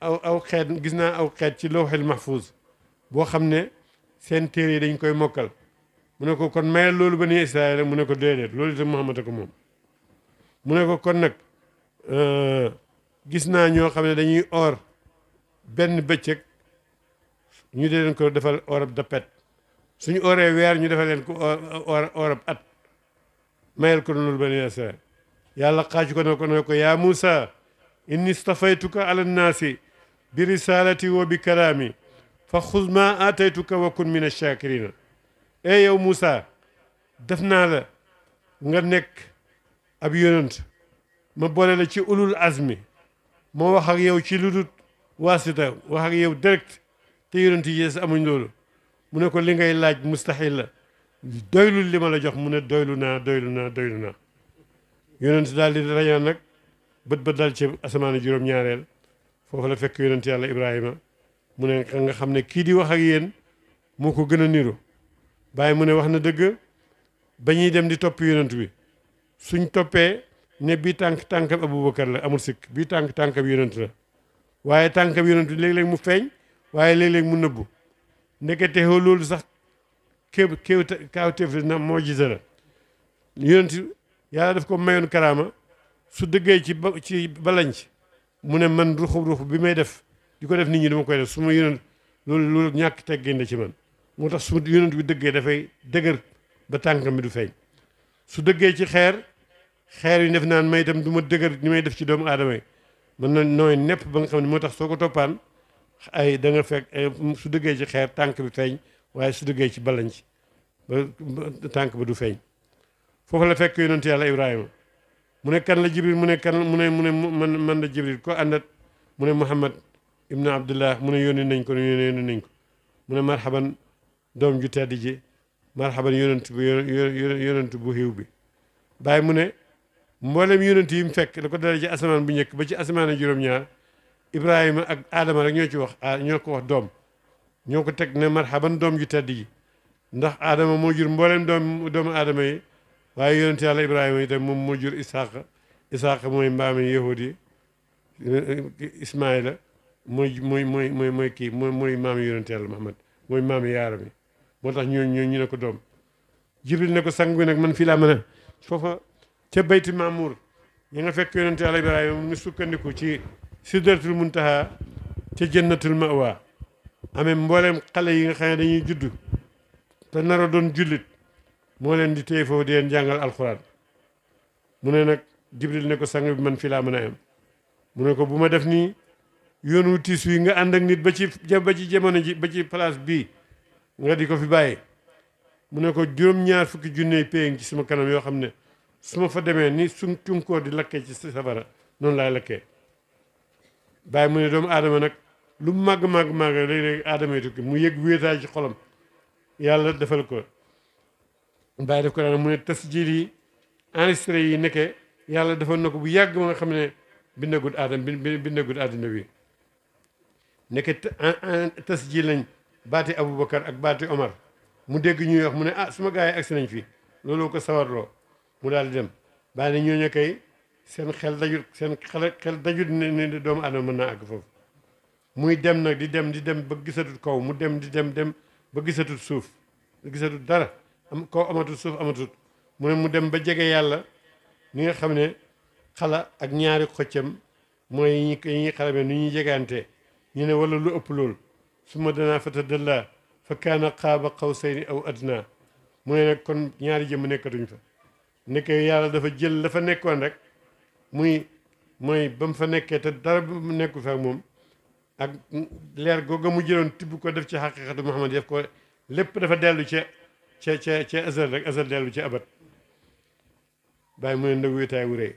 aw aw xeet gis naa aw xeet ci lawhil mahfuz boo xam ne seen téere dañ koy mokkal mu ne ko kon mayal loolu ba ni Israël mu ne ko déedéet loolu itam Muhammad ko moom mu ne ko kon nag euh, gis naa ñoo xam ne dañuy or benn bëccëg ñu dee leen ko defal orab dappet suñu oree weer ñu defal leen ko orab at mayal ko loolu ba ni Israël yàlla xaaju ko ne ko ko yaa Muusa inni stafaytuka ala nnaasi bi risalati wa bi kalaami fa xuz ma aataytuka wa kun min achakirina e yow Moussa def naa la nga nekk ab yonent ma boole la ci ulul asmi ma wax ak yow ci lu dut waasita wax ak yow direct te yonent yi des amuñ loolu mu ne ko li ngay laaj mustahil la doylu li ma la jox mu ne doylu naa doylu naa doylu naa yonent daal di rañaan nag bët ba dal ci asamaan juróom-ñaareel foofu la fekk yonent yàlla Ibrahima mu ne nga xam ne kii di wax ak yéen moo ko gën a niru bàyyi mu ne wax na dëgg ba ñuy dem di topp yonent bi suñ toppee ne bii tànk tànkab aboubacar la amul sikk bii tànk tànkab yonent la waaye tànkab yonent bi léeg-léeg mu feeñ waaye léeg-léeg mu nëbbu ndekete loolu sax kéw kéw kaawteef na moo gise la yonent yàlla def ko mayoon karaama su dëggee ci ba ci balanc mu ne man ruxub ruxub bi may def di ko def nit ñi dama koy def su ma yonent loolu loolu ñàkk teggin la ci man moo tax su yonent bi dëggee dafay dëgër ba tànkam bi du feeñ su dëggee ci xeer xeer yu def naan may itam du ma dëgër ni may def ci doomu aadama yi mën na nooy nepp ba nga xam ne moo tax soo ko toppaan ay da fekk su dëggee ci xeer tànk bi feeñ waaye su dëggee ci balañ ci ba tànk ba du feeñ foofu la fekk yonent yàlla Ibrahima mu ne kan la jibril mu ne kan mu ne mu ne man man la jibril ko àndat mu ne Muhammad ibnu Abdullah mu ne yónni nañ ko nañ ko doom ju tedd ji marhaban yonent bu yonent bu xiw bi bàyyi mu ne mboolem yonent yi mu fekk da ko dale ji asamaan bu njëkk ba ci asamaan juróom-ñaar ibrahima ak aadama rek ñoo ci wax ah, ñoo ko wax doom ñoo ko teg ne marhaban doom ju tedd ji ndax aadama moo jur mboolem doom doomu aadama yi waaye yonent yàlla ibrahima itam moom moo jur isaaqa isaaqa mooy mbaame yahud yi ismaila mooy mooy mooy mooy mooy kii mooy maam maami yonent yàlla muhammad mooy maam yaaram yi moo tax ñoo ñu ñu ne ko doom jibril ne ko sang bi nag man fii laa mën a foofa ca bayti mamour ña nga fekk yonente yàlla ibrahima mu sukkandiku ci mun muntaha ca jannatul mawa amee mbooleem xale yi nga xam ne dañuy juddu te nara doon jullit moo leen di téye foofu di leen jàngal alxuraan mu ne nag jibril ne ko sang bi man fii laa mën mu ne ko bu ma def nii yoon tiis wi nga ànd ak nit ba ci ba ci jamono ji ba ci place bii nga di ko fi bàyyi mu ne ko juróom-ñaar fukki junne pay ngi ci suma kanam yoo xam ne su ma fa demee ni suñ cunkoor di lakkee ci safara noonu laay lakkee bàyyi mu ne doomu aadama nag lu màgg màgg màgg léeg-léeg aadama yi tukki mu yëg wéetaay ci xolam yàlla defal ko bàyyi def ko daan mu ne tasjil yi enregistré yi nekke yàlla defal na ko bu yàgg ma nga xam ne bindagut aadama bindagut addina bi nekke tasjil lañ baati Aboubacar ak baati Omar mu dégg ñuy wax mu ne ah suma gars yi agsi nañ fi looloo ko sawarloo mu daal di dem baa ne ñooñu kay seen xel dajut seen xel xel dajut ne ne doomu aadama mën naa àgg foofu muy dem nag di dem di dem ba gisatul kaw mu dem di dem dem ba gisatul suuf gisatul dara am kaw amatul suuf amatul mu ne mu dem ba jege yàlla ni nga xam ne xala ak ñaari xoccam mooy yi ñuy xalamee nu ñuy jegante ñu ne wala lu ëpp loolu su summa danaa fatadalla fa kaana qaaba qawsayni aw adna mu ne nag kon ñaari jëmm nekkatuñ fa nekk yàlla dafa jël dafa nekkoon rek muy mooy ba fa nekkee te dara mu nekku fa moom ak leer googa mu jëloon tibb ko def ci xaqiqatu Muhammad def ko lépp dafa dellu ca ca ca ca azal rek azal dellu ca abat bàyyi mu ne ndag wéetaay wu rëy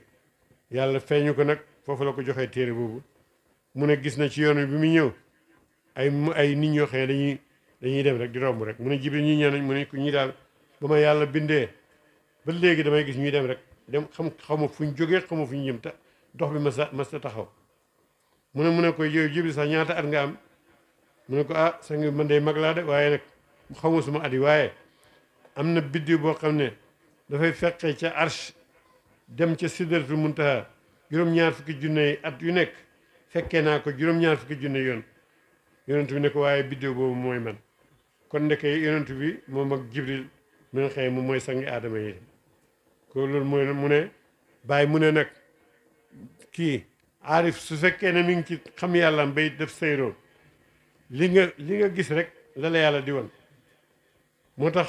yàlla feeñu ko nag foofu la ko joxee téere boobu mu ne gis na ci yoon bi mu ñëw ay ay nit ñoo xam dañuy dañuy dem rek di romb rek mu ne jibril ñi ñëw nañ mu ne ku daal ba ma yàlla bindee ba léegi damay gis ñuy dem rek dem xam xawma fu ñu jógee xawma fu ñu jëm ta dox bi mas mas ta taxaw mu ne mu ne ko yow jibril sax ñaata at nga am mu ko ah sa ngi man de mag laa de waaye nag xawma suma at yi waaye am na biddiw boo xam ne dafay feqe ca arsh dem ca sidratul muntaha juróom-ñaar fukki junne yi at yu nekk fekkee naa ko juróom-ñaar fukki junne yoon yonent bi ne ko waaye biddéew boobu mooy man kon ndeke yonent bi moom mag jibril mi nga xëy moom mooy sangi aadama yi ko loolu mooy mu ne bàyyi mu ne nag kii aarif su fekkee ne mi ngi ci xam yàlla bay def sayroon li nga li nga gis rek la yàlla di wan moo tax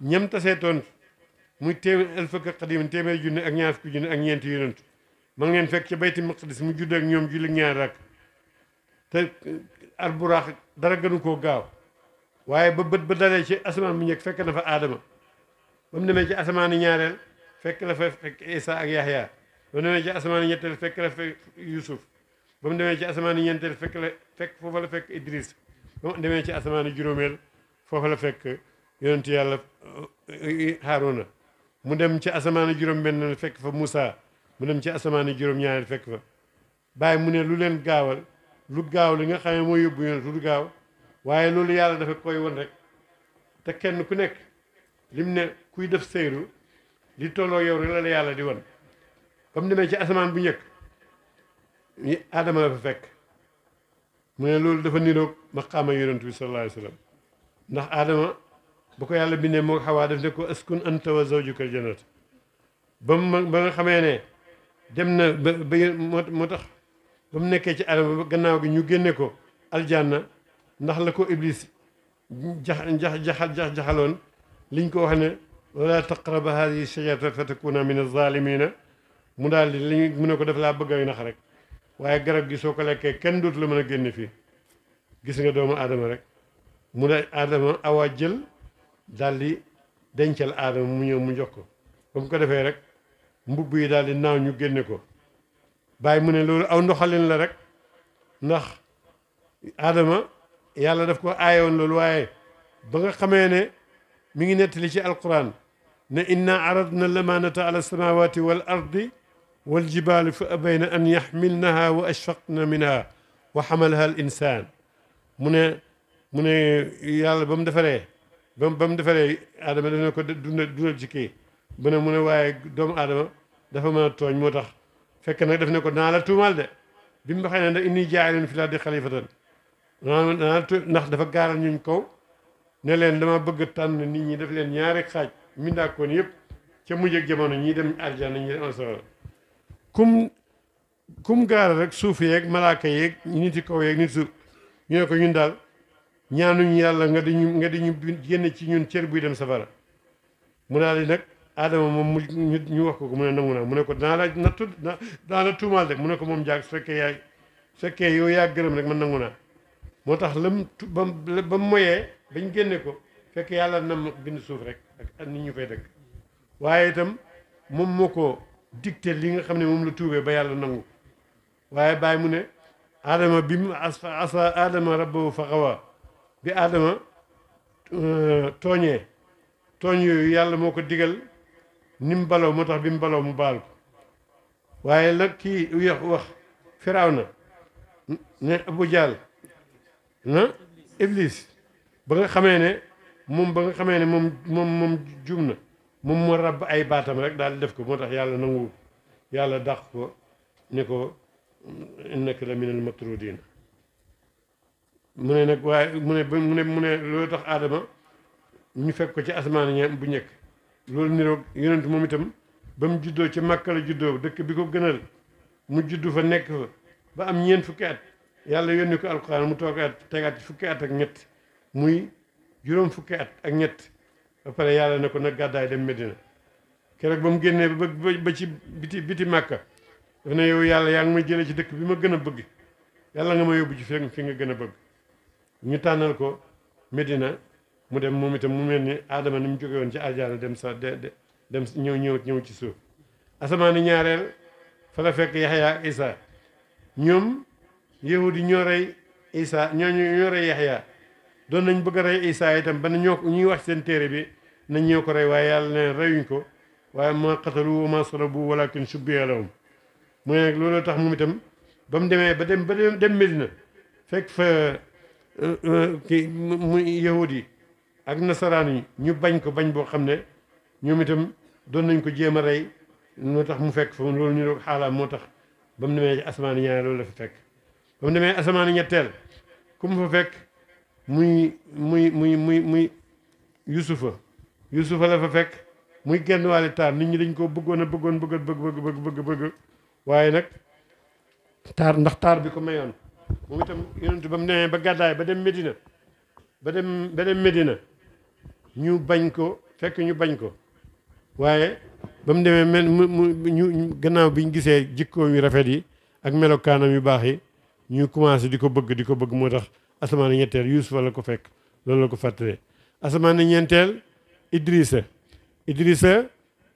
ñam taseetoon muy téeméer alfa ka xadimin téeméer junne ak ñaar fukki junne ak ñeenti yonent ma ngi leen fekk ca bayti maqdis mu judd ak ñoom julli ñaari rakk ar buraax dara gënu koo gaaw waaye ba bët ba dalee ci asamaan mu njëkk fekk na fa aadama ba mu demee ci asamaani ñaareel fekk la fa fekk ak yaxya ba mu demee ci asamaani ñetteel fekk la fa yusuf mu demee ci asamaani ñeenteel fekk la fekk foofa la fekk idris demee ci asamaani juróomeel foofa la fekk yonent yàlla haaruna mu dem ci asamaani juróom fekk fa moussa mu dem ci asamaani juróom ñaareel fekk fa ne lu leen gaawal lu gaaw li nga xamee moo yóbbu yoon lu gaaw waaye loolu yàlla dafa koy won rek te kenn ku nekk lim ne kuy def seyru li tolloo yow rek la la yàlla di won comme demee ci asamaan bu njëkk aadama la fa fekk mu ne loolu dafa niroog maqaama yonent bi sallallahu alayhi ndax aadama ko yàlla bindee moo xawaa def ne ko askun anta wa zawjuka ba mu ba nga xamee ne dem na ba ba moo tax ba mu nekkee ci alam ba gannaaw gi ñu génne ko aljanna ndax la ko iblis jax jax jaxal jax jaxaloon liñ ko wax ne wala taqraba hadihi shajarata fatakuna min azalimina mu daal di li mu ne ko def laa bëgg a nax rek waaye garab gi soo ko lekkee kenn dootu la mën a génne fii gis nga doomu aadama rek mu ne aadama awa jël daal di dencal aadama mu ñëw mu jox ko ba mu ko defee rek mbubb yi daal di naaw ñu génne ko bàyyi mu ne loolu aw ndoxalin la rek ndax aadama yàlla def ko woon loolu waaye ba nga xamee ne mu ngi nettali ci alquran ne inna aradna lamanata ala samawati wal ardi wal jibaali fa na an yaxmilnaha wa ashfaqna minha wa xamalaha al insaan mu ne mu ne yàlla ba mu defaree ba ba mu defaree aadama daf ne ko dundal dundal ci kii ne mu ne waaye doomu aadama dafa mën a tooñ moo tax fekk nag def ne ko danaa la tuumaal de bi mu waxee ne nag indi jaay leen fi laa di xalifatan danaa ndax dafa gaaral ñuñ kaw ne leen dama bëgg tànn nit ñi def leen ñaari xaaj mindaakoon yëpp ca mujj ak jamono ñii dem arjana ñii dem asawar kum kum gaaral rek suuf yeeg malaaka yeeg nit yi kaw yeeg nit suuf ñu ne ko ñun daal ñaanuñ yàlla nga di ñu nga di ñu génn ci ñun cër buy dem safara mu daal di nag Adama moom mu ñu ñu wax ko ko mu ne nangu naa mu ne ko danaa la nattu danaa la tuumaal de mu ne ko moom jaag su fekkee yaay su fekkee yow yaa gërëm rek man nangu naa moo tax la tu ba mu moyee bañ génne ko fekk yàlla nam bind suuf rek ak ñu fay dëkk waaye itam moom moo ko dicté li nga xam ne moom la tuubee ba yàlla nangu waaye bàyyi mu ne Adama bi mu as asa Adama rabbahu fa xawa bi Adama euh, tooñee tooñ yooyu yàlla moo ko digal ni mu balaw moo tax bi mu balaw mu baal ko waaye la kii wax wax firaaw na ne abu jaal na iblis ba nga xamee ne moom ba nga xamee ne moom moom moom juum na moom moo ràbb ay baatam rek daal def ko moo tax yàlla nangu yàlla dàq ko ni ko innaka la minal matrudin mu ne nag waaye mu ne mu ne mu ne loolu tax aadama ñu fekk ko ci asmaan ña bu njëkk loolu niroog yonent moom itam ba mu juddoo ci Makka la juddoo dëkk bi ko gënal mu juddu fa nekk fa ba am ñeent fukki at yàlla yónni ko alquran mu toog at tegaat ci fukki at ak ñett muy juróom fukki at ak ñett ba pare yàlla ne ko nag gàddaay dem Medina keroog ba mu génnee ba ba ci biti biti Makka daf ne yow yàlla yaa ngi may jëlee ci dëkk bi ma gën a bëgg yàlla nga ma yóbbu ci fi fi nga gën a bëgg ñu tànnal ko Medina mu dem moom itam mu mel ni aadama ni mu jóge woon ci àjjana dem sa de de dem ñëw ñëw ñëw ci suuf asamaan ni ñaareel fa la fekk yaxya ak isa ñoom yahudi ñoo rey isa ñooñu ñoo rey yaxya doon nañ bëgg a rey yi itam ba ñoo ñuy wax seen téere bi nañ ñoo ko rey waaye yàlla ne reyuñ ko waaye ma qatalu wa ma salabu walakin shubbiha lahum mu ne loolu tax moom itam ba mu demee ba dem ba dem Medina fekk fa euh, euh, ki mu yahudi ak nasaraan yi ñu bañ ko bañ boo xam ne ñoom itam doon nañ ko jéem a rey moo tax mu fekk fa loolu ñu ne xaalaam moo tax ba mu demee asamaan ñaareel loolu la fa fekk ba mu demee asamaan ñetteel ku mu fa fekk muy muy muy muy muy yusufa yusufa la fa fekk muy genn waale taar nit ñi dañ koo bëggoon a bëggoon bëgg bëgg bëgg bëgg waaye nag taar ndax taar bi ko mayoon moom itam yonentu ba mu demee ba gàddaay ba dem Medina ba dem ba dem Medina ñu bañ ko fekk ñu bañ ko waaye ba mu demee mel mu ñu gannaaw bi gisee jikkoom yu rafet yi ak melokaanam yu baax yi ñuy commencé di ko bëgg di ko bëgg moo tax asamaan ñetteel Yuusufa la ko fekk loolu la ko fàttalee asamaan ñeenteel Idrissa Idrissa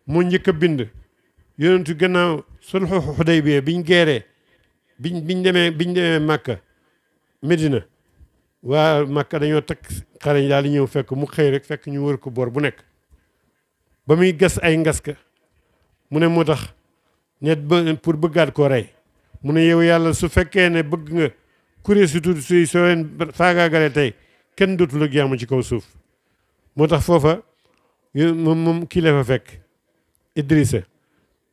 moo njëkk a bind yonentu gannaaw sulhu Xudaybiya biñ geeree biñ biñ demee biñ demee Màkka Medina waa Makka dañoo takk xarañ daal di ñëw fekk mu xëy rek fekk ñu wër ko boor bu nekk ba muy gas ay ngaska mu ne moo tax ñett ba pour bëggaat koo rey mu ne yow yàlla su fekkee ne bëgg nga kuré si tuuti suy soo leen faagaagalee tey kenn dootul ak yaamu ci kaw suuf moo tax foofa moom moom kii la fa fekk sa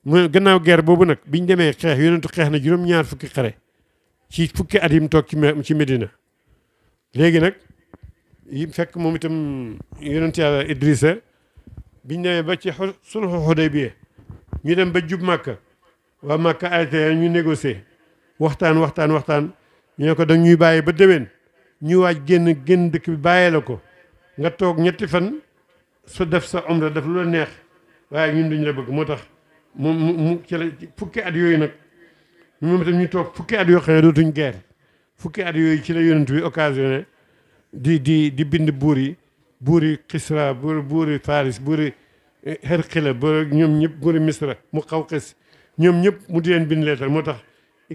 mu gannaaw guerre boobu nag ñu demee xeex yonentu xeex na juróom-ñaar fukki xare ci fukki at yi mu toog ci ci Medina léegi nag yi fekk moom itam yonent yàlla Idrissa biñ demee ba ci sulhu Hudaybiya ñu dem ba jub màkk waa Màkka arrêté ñu négocier waxtaan waxtaan waxtaan ñu ne ko dañ ñuy bàyyi ba déwén ñuy waaj génn génn dëkk bi bàyyee la ko nga toog ñetti fan su def sa omra def lu la neex waaye ñun duñ la bëgg moo tax mu mu mu ci la fukki at yooyu nag moom itam ñu toog fukki at yoo xam ne dootuñ guerre fukki at yooyu ci la yonent bi occasionné di di di bind buur yi buur yi Kisra buur buuri Faris buuri eh, Hercule ba ñoom ñëpp buuri Misra mu xaw xis ñoom ñëpp mu di leen bind leetar moo tax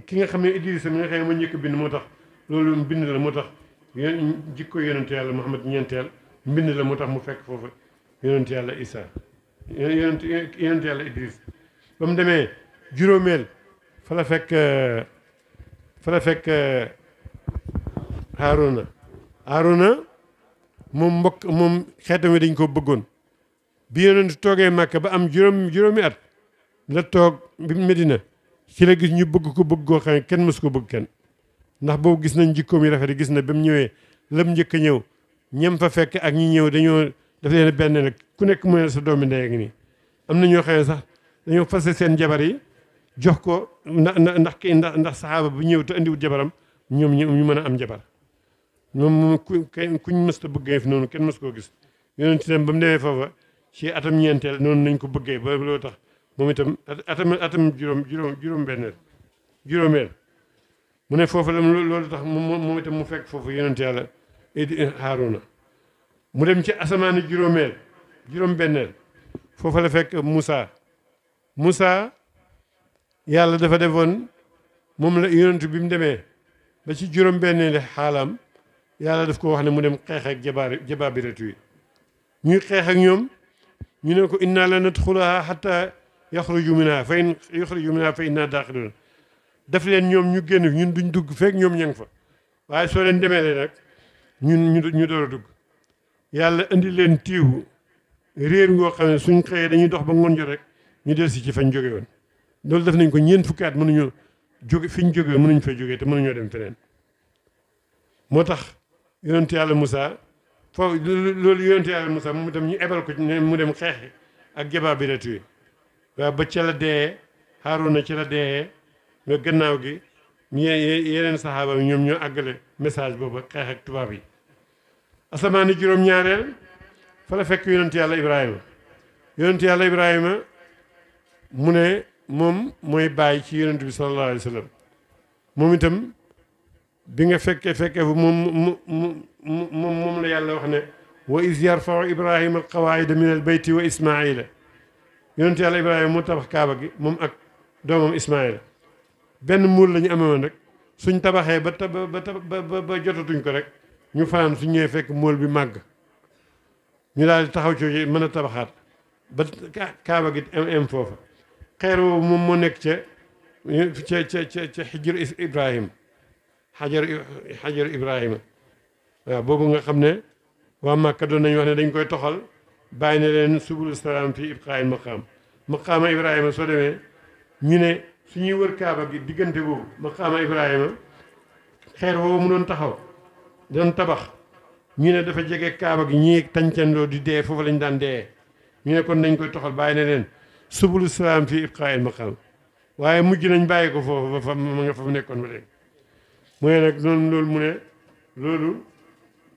ki nga xam ne Idrissa mi nga njëkk bind moo tax loolu bind la moo tax yéen jikko yonent yàlla Muhammad ñeenteel mbind la moo tax mu fekk foofu yonent yàlla Isa yonent yonent yàlla Idrissa ba demee juróomeel fa la fekk fa la fekk Haaruna Haaruna moom mbokk moom xeetam wi dañ ko bëggoon bi yonent toogee Màkka ba am juróom juróomi at la toog bi Medina ci la gis ñu bëgg ko bëgg koo xam kenn mësu ko bëgg kenn ndax boo gis nañ jikkoom yi rafet yi gis na ba mu ñëwee lam njëkk a ñëw ñem fa fekk ak ñi ñëw dañoo daf leen benn nag ku nekk mu ne sa doomi ndey ak nii am na ñoo xam sax dañoo fase seen jabar yi jox ko na ndax ndax saxaaba bu ñëw te andiwut jabaram ñoom ñu mën a am jabar moom moom ku kuñ mës ta bëggee fi noonu kenn mës koo gis yonent itam ba mu demee foofa ci atam ñeenteel noonu nañ ko bëggee ba loo tax moom itam atam atam juróom juróom juróom benneel mu ne foofu la loolu tax moom itam mu fekk foofu yonent yàlla idi Haaruna mu dem ci asamaani juróomeel juróom benneel foofa la fekk Moussa Moussa yàlla dafa defoon moom la yonent bi mu demee ba ci juróom benneeli xaalam yàlla daf ko wax ne mu dem xeex ak jabaar jabaabiratu yi ñuy xeex ak ñoom ñu ne ko inna la nadxulaha xata yaxruju minha fa in yaxruju minha fa inna daaxilun daf leen ñoom ñu génn ñun duñ dugg fekk ñoom ña ngi fa waaye soo leen demee nag ñun ñu door a dugg yàlla indi leen tiiw réer ngoo xam ne suñ xëyee dañuy dox ba ngoon jo rek ñu del si ci fañ jóge yoon loolu def nañ ko ñeent fukki at mënuñu jóge fiñ jóge woon mënuñ fa jógee te mënuñoo dem feneen moo tax yonent yàlla Moussa foofu loolu yonent yàlla Moussa mu dem ñu ebal ko mu dem xeex ak jabaa bi la tuye waaw ba ca la deeyee Haaruna ci la deeyee nga gannaaw gi ñu yeneen saxaaba bi ñoom ñoo àggale message boobu xeex ak tubaab yi asamaani juróom-ñaareel fa la fekk yonent yàlla Ibrahima yonent yàlla Ibrahima mu ne moom mooy bàyyi ci yonent bi sallallahu alayhi wa sallam moom itam bi nga fekkee fekkee fu moom mu mu moom la yàlla wax ne wa is yarfau ibrahima alqawaida min al beyti wa ismaila yonent yàlla ibrahima mu tabax kaaba gi moom ak doomam ismaila benn muur lañu ñu amoon rek suñ tabaxee ba taba ba ba jotatuñ ko rek ñu fanaan suñ ñëwee fekk mool bi màgg ñu daal di taxaw cooci mën a tabaxaat ba kaaba gi am foofa xeer woowu moom moo nekk ca ca ca ca ca xijir ibrahima xajar xajar ibrahima waaw boobu nga xam ne waa Màkka doon nañu wax ne dañ koy toxal bàyyi ne leen subul salaam fii ibqaayil maqaam maqaama ibrahima soo demee ne suñuy wër kaaba gi diggante boobu maqaama ibrahima taxaw doon tabax ñu ne dafa jege kaaba gi ñii tàncandoo di dee foofu lañ daan dee ñu ne dañ koy toxal bàyyi ne leen subul salaam fii ibqaayil maqaam waaye mujj nañ bàyyi ko foofu fa ma nga fa mu nekkoon ba léegi mu ne nag loolu mu ne loolu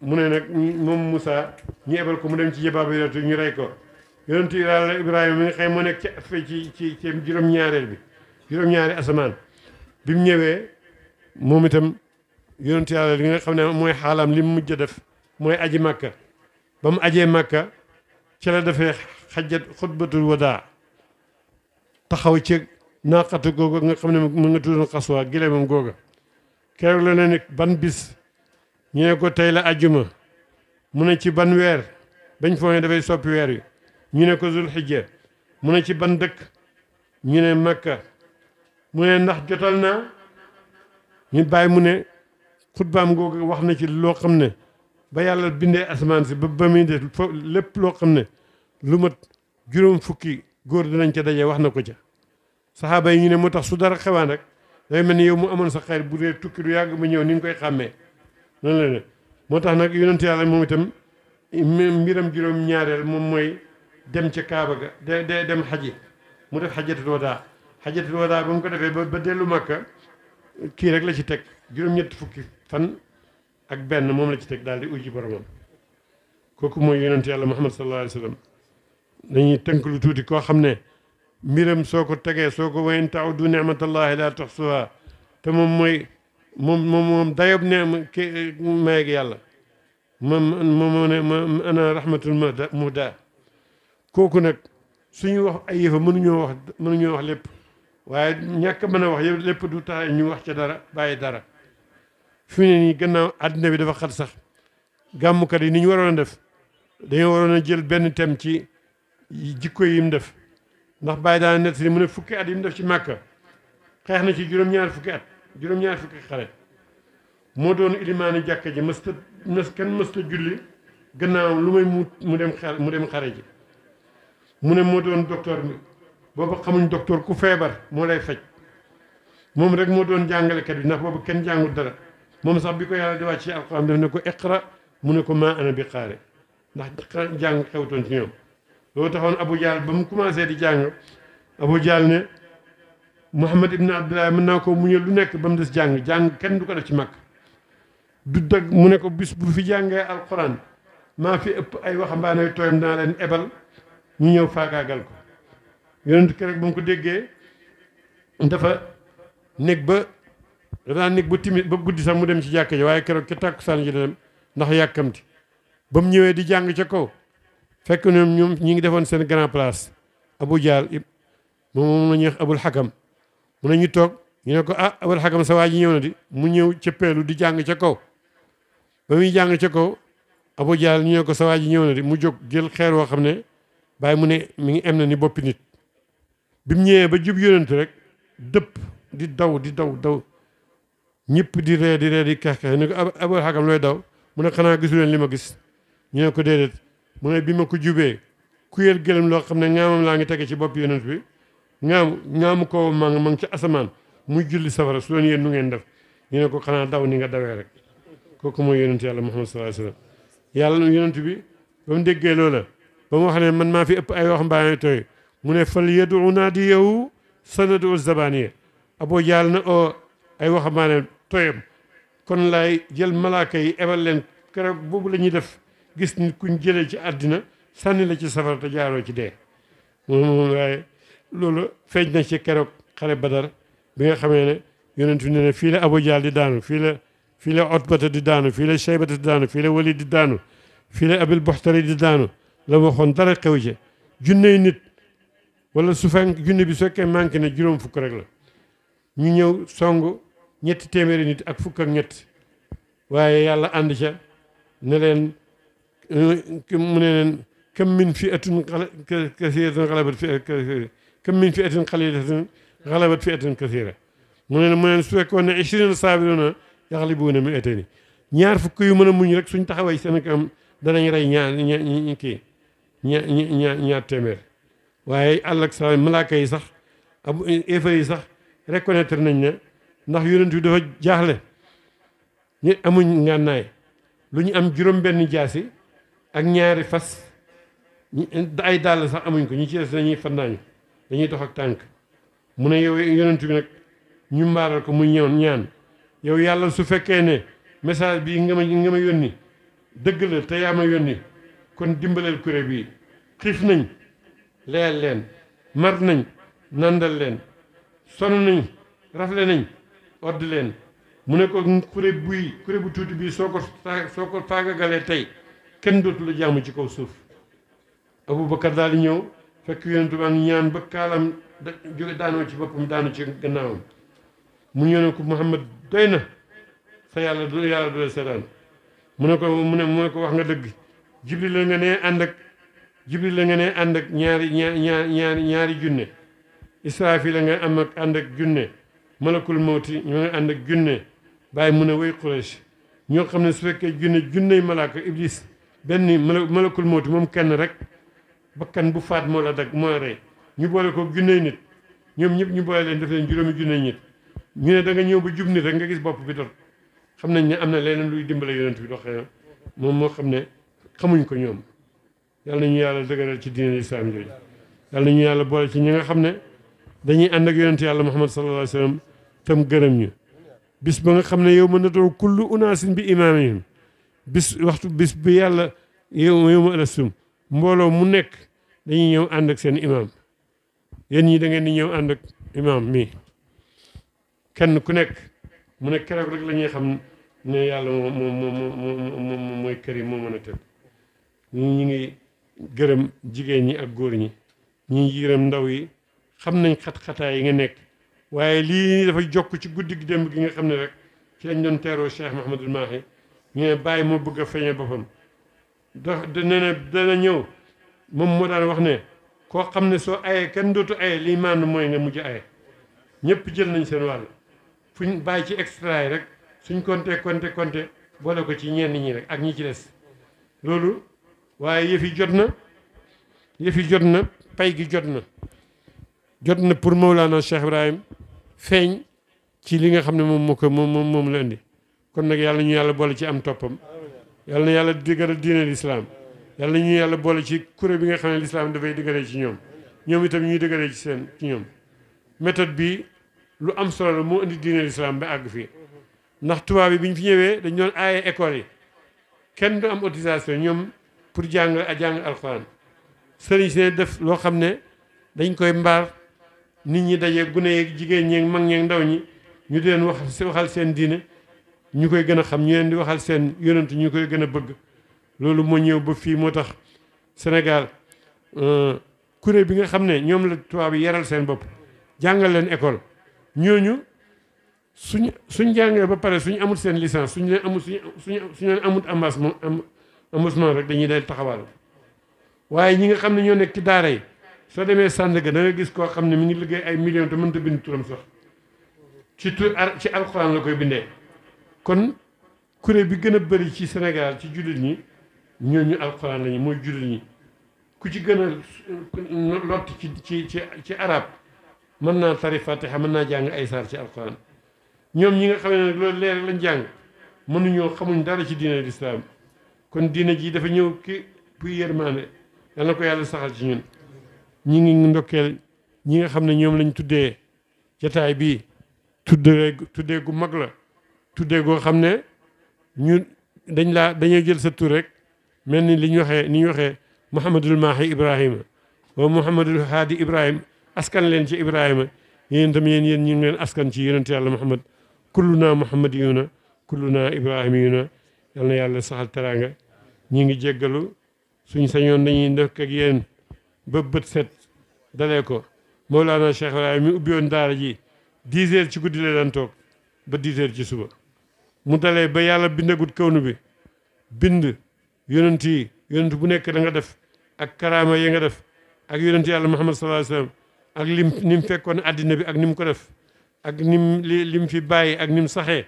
mu ne nag moom Moussa ñu ebal ko mu dem ci jabaab yonentu ñu rey ko yonentu Ibrahima mi nga xam moo nekk ci ci ci juróom-ñaareel bi juróom-ñaari asamaan bi mu ñëwee moom itam yonentu yàlla li nga xam ne mooy xaalaam li mu mujj def mooy aji màkka ba mu ajee màkka ci la defee xajjat xutbatul wadaa taxaw ci naaqatu googa nga xam ne mu nga tuddoon xaswaa gile moom googa keroog leneen ne ban bis ñu ne ko tey la ajjuma mu ne ci ban weer bañ foo ne dafay soppi weer wi ñu ne ko zulxijja mu ne ci ban dëkk ñu ne makka mu ne ndax jotal naa ñu bàyyi mu ne xutbaam googu wax na ci loo xam ne ba yàlla bindee asamaan si ba ba muy lépp loo xam ne lu juróom fukki góor dinañ ca daje wax na ko ca saxaaba yi ñu ne moo tax su dara xewaan rek day mel ni yow mu amoon sa xarit bu dee tukki du yàgg ba ñëw ni nga koy xàmmee noonu la de moo tax nag yonent yàlla moom itam mbiram juróom ñaareel moom mooy dem ca Kaaba ga de de dem xaji mu def xajatul wadaa xajatul wadaa ba mu ko defee ba dellu Makka kii rek la ci teg juróom-ñett fukki fan ak benn moom la ci teg daal di uji boromam kooku mooy yonent yàlla Muhammad sallallahu alayhi wa sallam tuuti koo xam ne mbiram soo ko tegee soo ko wayn taaw du ni'matallahi laa tuxsuha te moom mooy moom moom moom dayob neem ki mayeg yàlla moom moom moo ne ana rahmatul muhda kooku nag suñu wax ay yëfa mënuñoo wax mënuñoo wax lépp waaye ñàkk mën a wax yëpp lépp du tax ñu wax ca dara bàyyi dara fi ne nii gannaaw àddina bi dafa xat sax gàmmkat yi ni ñu def dañoo waroon a jël benn tem ci jikko yi mu def ndax bàyyi daana si mu ne fukki at yi mu def ci màkka xeex na ci juróom-ñaar fukki at juróom-ñaar fukki xare moo doon ilimaani jàkka ji mësta mës kenn mësta julli gannaaw lu may mu mu dem xare mu dem xare ji mu ne moo doon docteur bi booba xamuñ docteur ku feebar moo lay faj moom rek moo doon jàngalekat bi ndax boobu kenn jàngul dara moom sax bi ko yàlla di wàcc ci alxuraan def ne ko iqra mu ne ko maa ana bi xaare ndax jàng xewtoon ci ñoom loo taxoon Abu Jahl ba mu commencé di jàng Abu Jahl ne Muhammad ibn Abdullah mën naa ko muñal lu nekk ba mu des jàng jàng kenn du ko def ci mag du dëgg mu ne ko bis bu fi jàngee alxuraan maa fi ëpp ay waxambaane tooyam naa leen ebal ñu ñëw faagaagal ko yonent ki rek ba ko déggee dafa nekk ba danaa nekk ba timit ba guddi sax mu dem ci jàkka ji waaye keroog ca tàkkusaan ji dem ndax yàkkamti ba mu ñëwee di jàng ca kaw fekk ñoom ñoom ñi ngi defoon seen grand place Abu Jaal moom moom la ñuy Abul Hakam mu ne ñu toog ñu ne ko ah Abul Hakam sa waa ji ñëw na di mu ñëw ca peelu di jàng ca kaw ba muy jàng ca kaw Abu Jaal ñu ne ko sa waa ji ñëw na di mu jóg jël xeer woo xam ne bàyyi mu ne mi ngi am na ni boppi nit bi mu ñëwee ba jub yonent rek dëpp di daw di daw daw ñëpp di ree di ree di keex keex ne ko Abul Hakam looy daw mu ne xanaa gisu leen li ma gis ñu ne ko déedéet mu ne bi ma ko jubee kuyéel gëlëm loo xam ne ñaamam laa ngi tege ci bopp yonent bi ñaam ñaamu ko ma ma ngi ci asamaan muy julli safara su doon yéen nu ngeen def ñu ne ko xanaa daw ni nga dawee rek kooku mooy yonent yàlla muhammad sallallahu alayhi wasallam yàlla yonent bi ba mu déggee loola ba mu wax ne man maa fi ëpp ay wax mbaane tooy mu ne naa yadu naadiyahu sanadu yi abo jaal na oo ay waxambaane tooyam kon lay jël malaaka yi ebal leen keroog boobu la ñuy def gis nit kuñ jëlee ci àddina sànni la ci safara te jaaroo ci dee moom waaye loolu feeñ na ci keroog xare badar bi nga xamee ne yonentu ne ne fii la Abu Jahl di daanu fii la fii la Utbata di daanu fii la Shaybata di daanu fii la Walid di daanu fii la Abil Buxtari di daanu la waxoon dara xew ci junney nit wala su fekk junne bi su fekkee manqué ne juróom fukk rek la ñu ñëw song ñetti téeméeri nit ak fukk ak ñett waaye yàlla ànd ca ne mu ne leen kam min fi atin kasiiratin xalabat fi kam min fi atin xalilatin xalabat fi atin kasiira mu ne mu su fekkoon ne ishrina saabiruna yaxlibuuna mi atani ñaar fukk yu mën a muñ rek suñ taxaway seen kam danañ rey ñaar ña kii ña ña ñaar téeméer waaye àll ak yi sax ab effet yi sax reconnaître nañ ne ndax yonent bi dafa jaaxle ñu amuñ ngànnaay lu ñu am juróom benn jaasi ak ñaari fas ay dàll sax amuñ ko ñu ci des dañuy fandaañu dañuy dox ak tànk mu ne yow yonent bi nag ñu mbaaral ko mu ñëwoon ñaan yow yàlla su fekkee ne message bii nga ma nga ma yónni dëgg la te yaa ma yónni kon dimbaleel kuré bii xiif nañ leel leen mar nañ nandal leen sonn nañ rafle nañ odd leen mu ne ko kuré buy kuré bu tuuti bii soo ko soo ko faagagalee tey kenn dootu jàmm ci kaw suuf Aboubacar daal di ñëw fekk yonent bi am ñaan ba kaalam da jóge daanoo ci boppam daanu ci gannaawam mu ñëw ko Muhammad doy na sa yàlla du yàlla du mu ne ko mu ne mu ne ko wax nga dëgg Jibril la nga nee ànd ak Jibril la nga nee ànd ak ñaari ñaar ñaari ñaari junne fii la nga am ak ànd ak junne malakul mawti ñoo nga ànd ak junne bàyyi mu ne way Quraysh ñoo xam ne su fekkee junne junney malaaka iblis benn malakul mawti moom kenn rek ba kenn bu faat moo la dagg moo rey ñu boole ko junney nit ñoom ñëpp ñu boole leen def leen juróomi junney ñi ñu ne danga ñëw ba jub nit rek nga gis bopp bi dot xam nañ ne am na leneen luy dimbale yonent bi doxee moom moo xam ne xamuñ ko ñoom yàlla nañu yàlla dëgëral ci diine lislaam jooju yàlla ñu yàlla boole ci ñi nga xam ne dañuy ànd ak yonent yàlla muhammad sallallahu alayhi wa sallam tam gërëm ñu bis ba nga xam ne yow mën na doo kullu unaasin bi imaamihim bis waxtu bis bi yàlla yow yow alastum mbooloo mu nekk dañuy ñëw ànd ak seen imaam yéen ñi da ngeen di ñëw ànd ak imaam mii kenn ku nekk mu ne keroog rek la ñuy xam ne yàlla moom moom moom mooy kër yi moo mën a tëdd ñu ngi gërëm jigéen ñi ak góor ñi ñu ngi gërëm ndaw yi xam nañ xat-xataa yi nga nekk waaye lii dafa jokk ci guddi gi démb gi nga xam ne rek ci lañ doon teeroo Cheikh Mahamadul Mahi ñu ne bàyyi moo bëgg a feeñal boppam ndax dana ne dana ñëw moom moo daan wax ne koo xam ne soo ayee kenn dootu ayee liy maandu mooy nga mujj aye ñëpp jël nañ seen wàll fu ñu bàyyi ci extra yi rek suñ compté compté compté boole ko ci ñenn ñi rek ak ñi ci des loolu waaye yëf yi jot na yëf jot na pay gi jot na jot na pour Mawlana Cheikh Ibrahim feeñ ci li nga xam ne moom moo ko moom moom moom la indi kon nag yàlla ñu yàlla boole ci am toppam yàlla na yàlla digëral diine lislaam yàlla na ñu yàlla boole ci kuréel bi nga xam ne lislaam dafay digëree ci ñoom ñoom itam ñuy digëree ci seen ci ñoom méthode bi lu am solo la moo indi diine lislaam ba àgg fii ndax tubaab yi bi ñu fi ñëwee dañu doon aaye école yi kenn du am autorisation ñoom pour jàng a jàng alxuraan sëriñ si def loo xam ne dañ koy mbaar nit ñi daje gune yeeg jigéen ñeeg mag ñeeg ndaw ñi ñu di leen wax waxal seen diine ñu koy gën a xam ñu leen di waxal seen yonent ñu koy gën a bëgg loolu moo ñëw ba fii moo tax Sénégal euh, kuréel bi nga xam ne ñoom la tubaab yi yaral seen bopp jàngal leen école ñooñu suñ suñ jàngee ba pare suñ amul seen licence suñ leen amul suñ suñ leen amul embassement embassement rek dañuy dee taxawal waaye ñi nga xam ne ñoo nekk ci daara yi soo demee Sandaga da nga gis koo xam ne mu ngi liggéey ay million te mënta bind turam sax ci tur ci alxuraan la koy bindee. kon kuréel bi gën a bëri ci senegaal ci jullit ñi ñooñu alxuraan lañu mooy jullit ñi ku ci gën a lott ci ci ci ci arab mën naa tari fatiha mën naa jàng ay saar ci alxuraan ñoom ñi nga xam ne nag loolu leer lañ jàng mënuñoo xamuñ dara ci diine lislaam kon diine jii dafa ñëw ki puy yërmaande yal na ko yàlla saxal ci ñun ñi ngi ndokkeel ñi nga xam ne ñoom lañu tuddee jataay bii tuddee tuddee gu mag la tuddee goo xam ne ñun dañ laa dañuy jël sa tur rek mel ni li ñu waxee ni ñu waxee Mouhamadul Mahi Ibrahima wa Mouhamadul Haadi Ibrahima askan leen ci Ibrahima yéen tam yéen yéen ñu leen askan ci yonent yàlla Mouhamad kulluna Mouhamad yuna kulluna Ibrahima yuna yal na yàlla saxal teraanga ñu ngi jéggalu suñ sañoon dañuy def ak yéen ba bët set dalee ko Mawlana Cheikh Ibrahima mi ubbi woon daara ji dix heures ci guddi la daan toog ba dix ci suba mu dalee ba yàlla bindagut kawnu bi bind yonent yi yonent bu nekk da nga def ak karaama yi nga def ak yonent yàlla muhammad sallallahu alayhi wasallam ak lim ni mu fekkoon àddina bi ak ni mu ko def ak nim li lim fi bàyyi ak nim saxee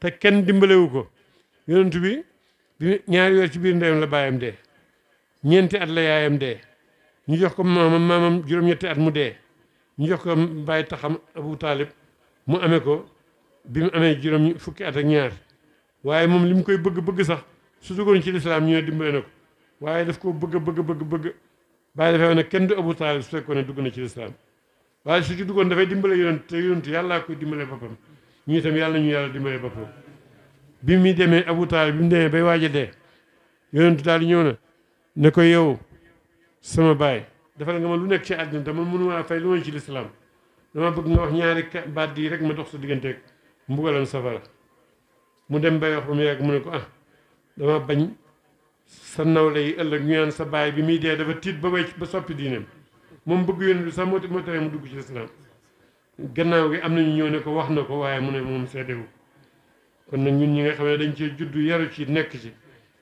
te kenn dimbalewu ko yonent bi ñaar yooyu ci biir ndeyam la baayam dee ñeenti at la yaayam dee ñu jox ko maamam maamam juróom-ñetti at mu dee ñu jox ko bàyyi taxam abu taalib mu amee ko bi mu amee juróom fukki at ak ñaar waaye moom li mu koy bëgg bëgg sax su duggoon ci lislaam ñu ne dimbale na ko waaye daf koo bëgg bëgg bëgg bëgg bàyyi dafay ne kenn du Abu Taalib su fekkoon ne dugg na ci lislaam waaye su ci duggoon dafay dimbale yonent te yonent yàllaa koy dimbale boppam ñu tam yàlla ñu yàlla dimbale boppam bi muy demee Abu bi mu demee bay waaj a dee yonent daal di ñëw na ne ko yow sama baay defal nga ma lu nekk ci àddina te man mënumaa fay lu ma ci lislaam dama bëgg nga ñaari baat yi rek ma dox sa digganteeg mbugalam safara mu dem bay wax ba mu yàgg mu ne ko ah dama bañ sa nawle yi ëllëg ñu naan sa baay bi muy dee dafa tiit ba wecc ba soppi diineem moom bëgg yoon bi sax moo moo tere mu dugg ci lislaam gannaaw gi am nañu ñëw ne ko wax na ko waaye mu ne moom seddewu kon nag ñun ñi nga xam ne dañ cee juddu yaru ci nekk ci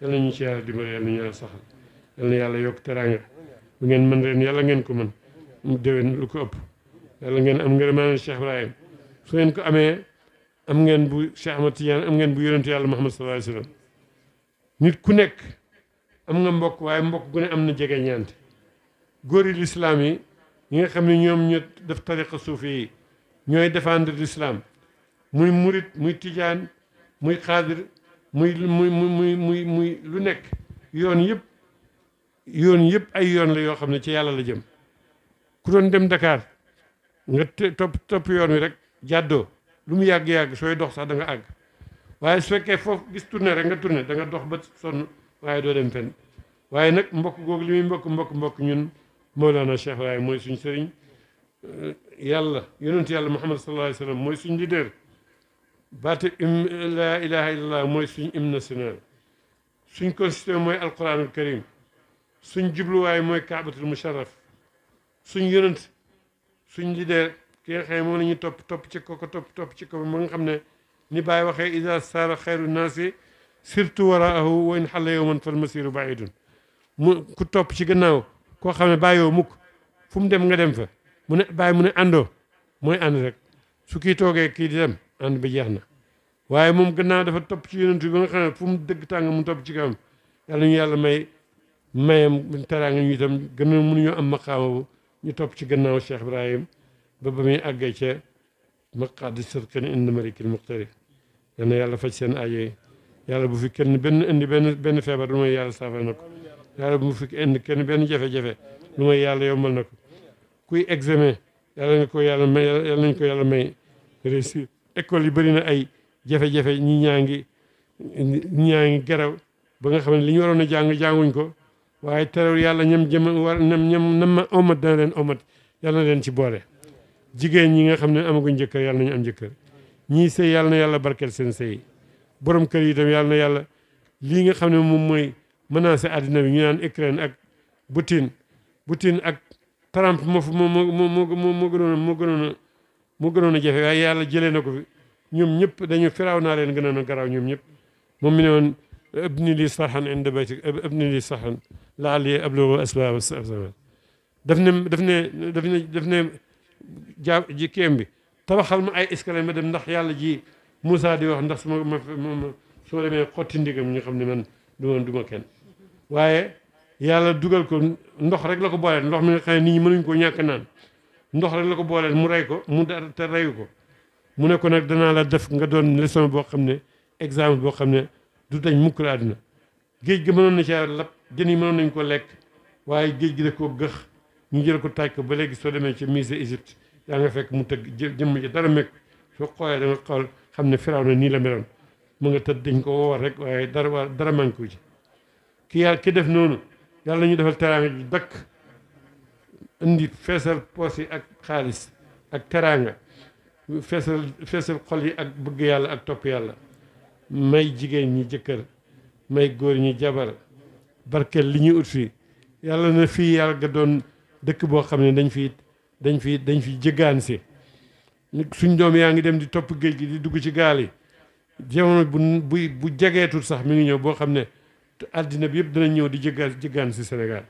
yal na ñu ci yàlla dimbali yal na ñu yàlla saxal yal na yàlla yokk teraanga bu ngeen mën ren yàlla ngeen ko mën mu déwén lu ko am am ngeen bu Cheikh Ahmad Tidiane am ngeen bu yonent yàlla Muhammad sallallahu alayhi wa nit ku nekk am nga mbokk waaye mbokk gu ne am na jege ñaante góori lislaam yi ñi nga xam ni ñoom ñu def tariqa suufi yi ñooy défendre l'islam muy murit muy tijaan muy xaadir muy muy muy muy muy lu nekk yoon yëpp yoon yëpp ay yoon la yoo xam ne ci yàlla la jëm ku doon dem Dakar nga topp topp yoon wi rek jàddoo lu mu yàgg-yàgg sooy dox sax da nga àgg waaye su fekkee foofu gis tourné rek nga tourné danga dox ba sonn waaye doo dem waaye nag mbokk googu lu muy mbokk mbokk mbokk ñun Mawlana Cheikh waaye mooy suñ sëriñ euh, yàlla yonentu yàlla Muhammad sallallahu alayhi mooy suñ leader baati laa ilaha illallah mooy suñ hymne national suñ constitution mooy alquran al karim suñ jubluwaay mooy kaabatul musharraf suñ yonent suñ leader ki nga moom la ñuy topp topp ci kooku topp topp ci kooku mu nga xam ne ni Baye waxee ida saara xayru naasi surtout waraahu wa in xalla yowman fal masiru baidun mu ku topp ci gannaaw koo xam ne bàyyoo mukk fu mu dem nga dem fa mu ne bàyyi mu àndoo mooy ànd rek su kii toogee kii di dem ànd bi jeex na waaye moom gannaaw dafa topp ci yonent bi ba nga xam ne fu mu dëgg tàng mu topp ci kawam yàlla ñu yàlla may mayam teraanga ñu itam gën a am maqaama bu ñu topp ci gannaaw Cheikh Ibrahim ba ba muy àggee ca maqaadi sirkin inda malikil muqtari yal na yàlla faj seen aajo yàlla bu fi kenn benn indi benn benn feebar lu mooy yàlla saafara na ko yàlla bu fi indi kenn benn jafe-jafe lu mooy yàlla yombal na ko kuy examen yàlla nga ko yàlla may yàlla ko yàlla may réussir école yi bëri na ay jafe-jafe ñi ñaa ngi ñi ñaa ngi garaw ba nga xam ne li ñu waroon a jàng jànguñ ko waaye terew yàlla ñam jëm war ñam na nam ma omat dana leen omat yàlla na leen ci boole jigéen ñi nga xam ne amaguñ jëkkër yàlla nañu am jëkkër ñii sëy yàlla na yàlla barkeel seen sëy borom kër yi tam yàlla na yàlla lii nga xam ne moom mooy mën se àddina bi ñu naan Ukraine ak butin Poutine ak Trump moo moo moo moo moo gënoon moo gënoon moo gënoon a jafe waaye yàlla jëlee na ko fi ñoom ñëpp dañu firaaw naa leen gënoon a garaaw ñoom ñëpp moom mi ne woon abni li sarhan inda baytik abni li ne daf ne daf ne daf ne ja ji kéem bi tabaxal ma ay escalier ma dem ndax yàlla ji Moussa di wax ndax su ma ma su ma demee xotti mu ñu xam ne man du ma du kenn waaye yàlla dugal ko ndox rek la ko booleel ndox mi nga xam ne nit ñi mënuñ koo ñàkk naan ndox rek la ko booleel mu rey ko mu te reyu ko mu ne ko nag danaa la def nga doon leçon boo xam ne exemple boo xam ne du dañ mukk la àdduna géej gi mënoon na caa lab jën yi mënoon nañ koo lekk waaye géej gi daf koo gëx ñu jël ko taaj ko ba léegi soo demee ci musée Égypte yaa nga fekk mu tëgg jëmm ji dara mekk soo xoolee da xool xam ne firaw na nii la meloon mu nga tëdd dañ ko woowal rek waaye dara waa dara manqué ci ki yaa ki def noonu yàlla ñu defal teraanga ji dakk indi feesal poos yi ak xaalis ak teraanga feesal feesal xol yi ak bëgg yàlla ak topp yàlla may jigéen ñi jëkkër may góor ñi jabar barkeel li ñuy ut fii yàlla na fii yàlla ga doon dëkk boo xam ne dañ fi dañ fi dañ fi jëggaan si suñ doom yaa ngi dem di topp géej gi di dugg ci gaal yi jamono bu bu bu jegeetul sax mi ngi ñëw boo xam ne àddina bi yëpp danañ ñëw di jëggaan jëggaan si Sénégal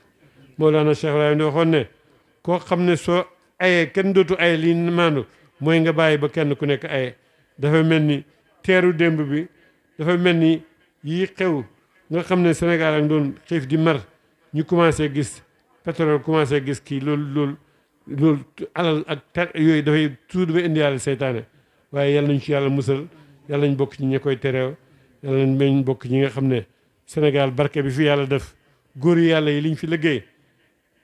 Mawlana Cheikh Ibrahim di ne koo xam ne soo ayee kenn dootu aye lii maandu mooy nga bàyyi ba kenn ku nekk aye dafa mel ni teeru démb bi dafa mel ni yii xew nga xam ne Sénégal ak doon xiif di mar ñu commencé gis pétrole commencé gis kii loolu loolu loolu alal ak ta yooyu dafay toujours dafay indi yàlla seytaane waaye yàlla nañ ci yàlla musal yàlla nañ bokk ci ñi koy tereew yàlla nañ bokk ñi nga xam ne Sénégal barke bi fi yàlla def góor yi yàlla yi liñ fi liggéey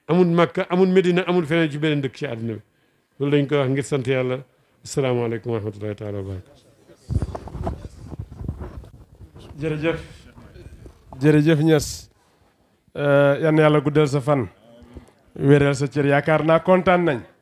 amul Makka amul Medina amul feneen ci beneen dëkk ci àddina bi loolu dañ koy wax ngir sant yàlla asalaamaaleykum wa rahmatullahi taala wa barakatu jërëjëf jërëjëf Niass euh, yan yàlla guddal sa fan wéral sa cër yaakaar naa kontaan nañ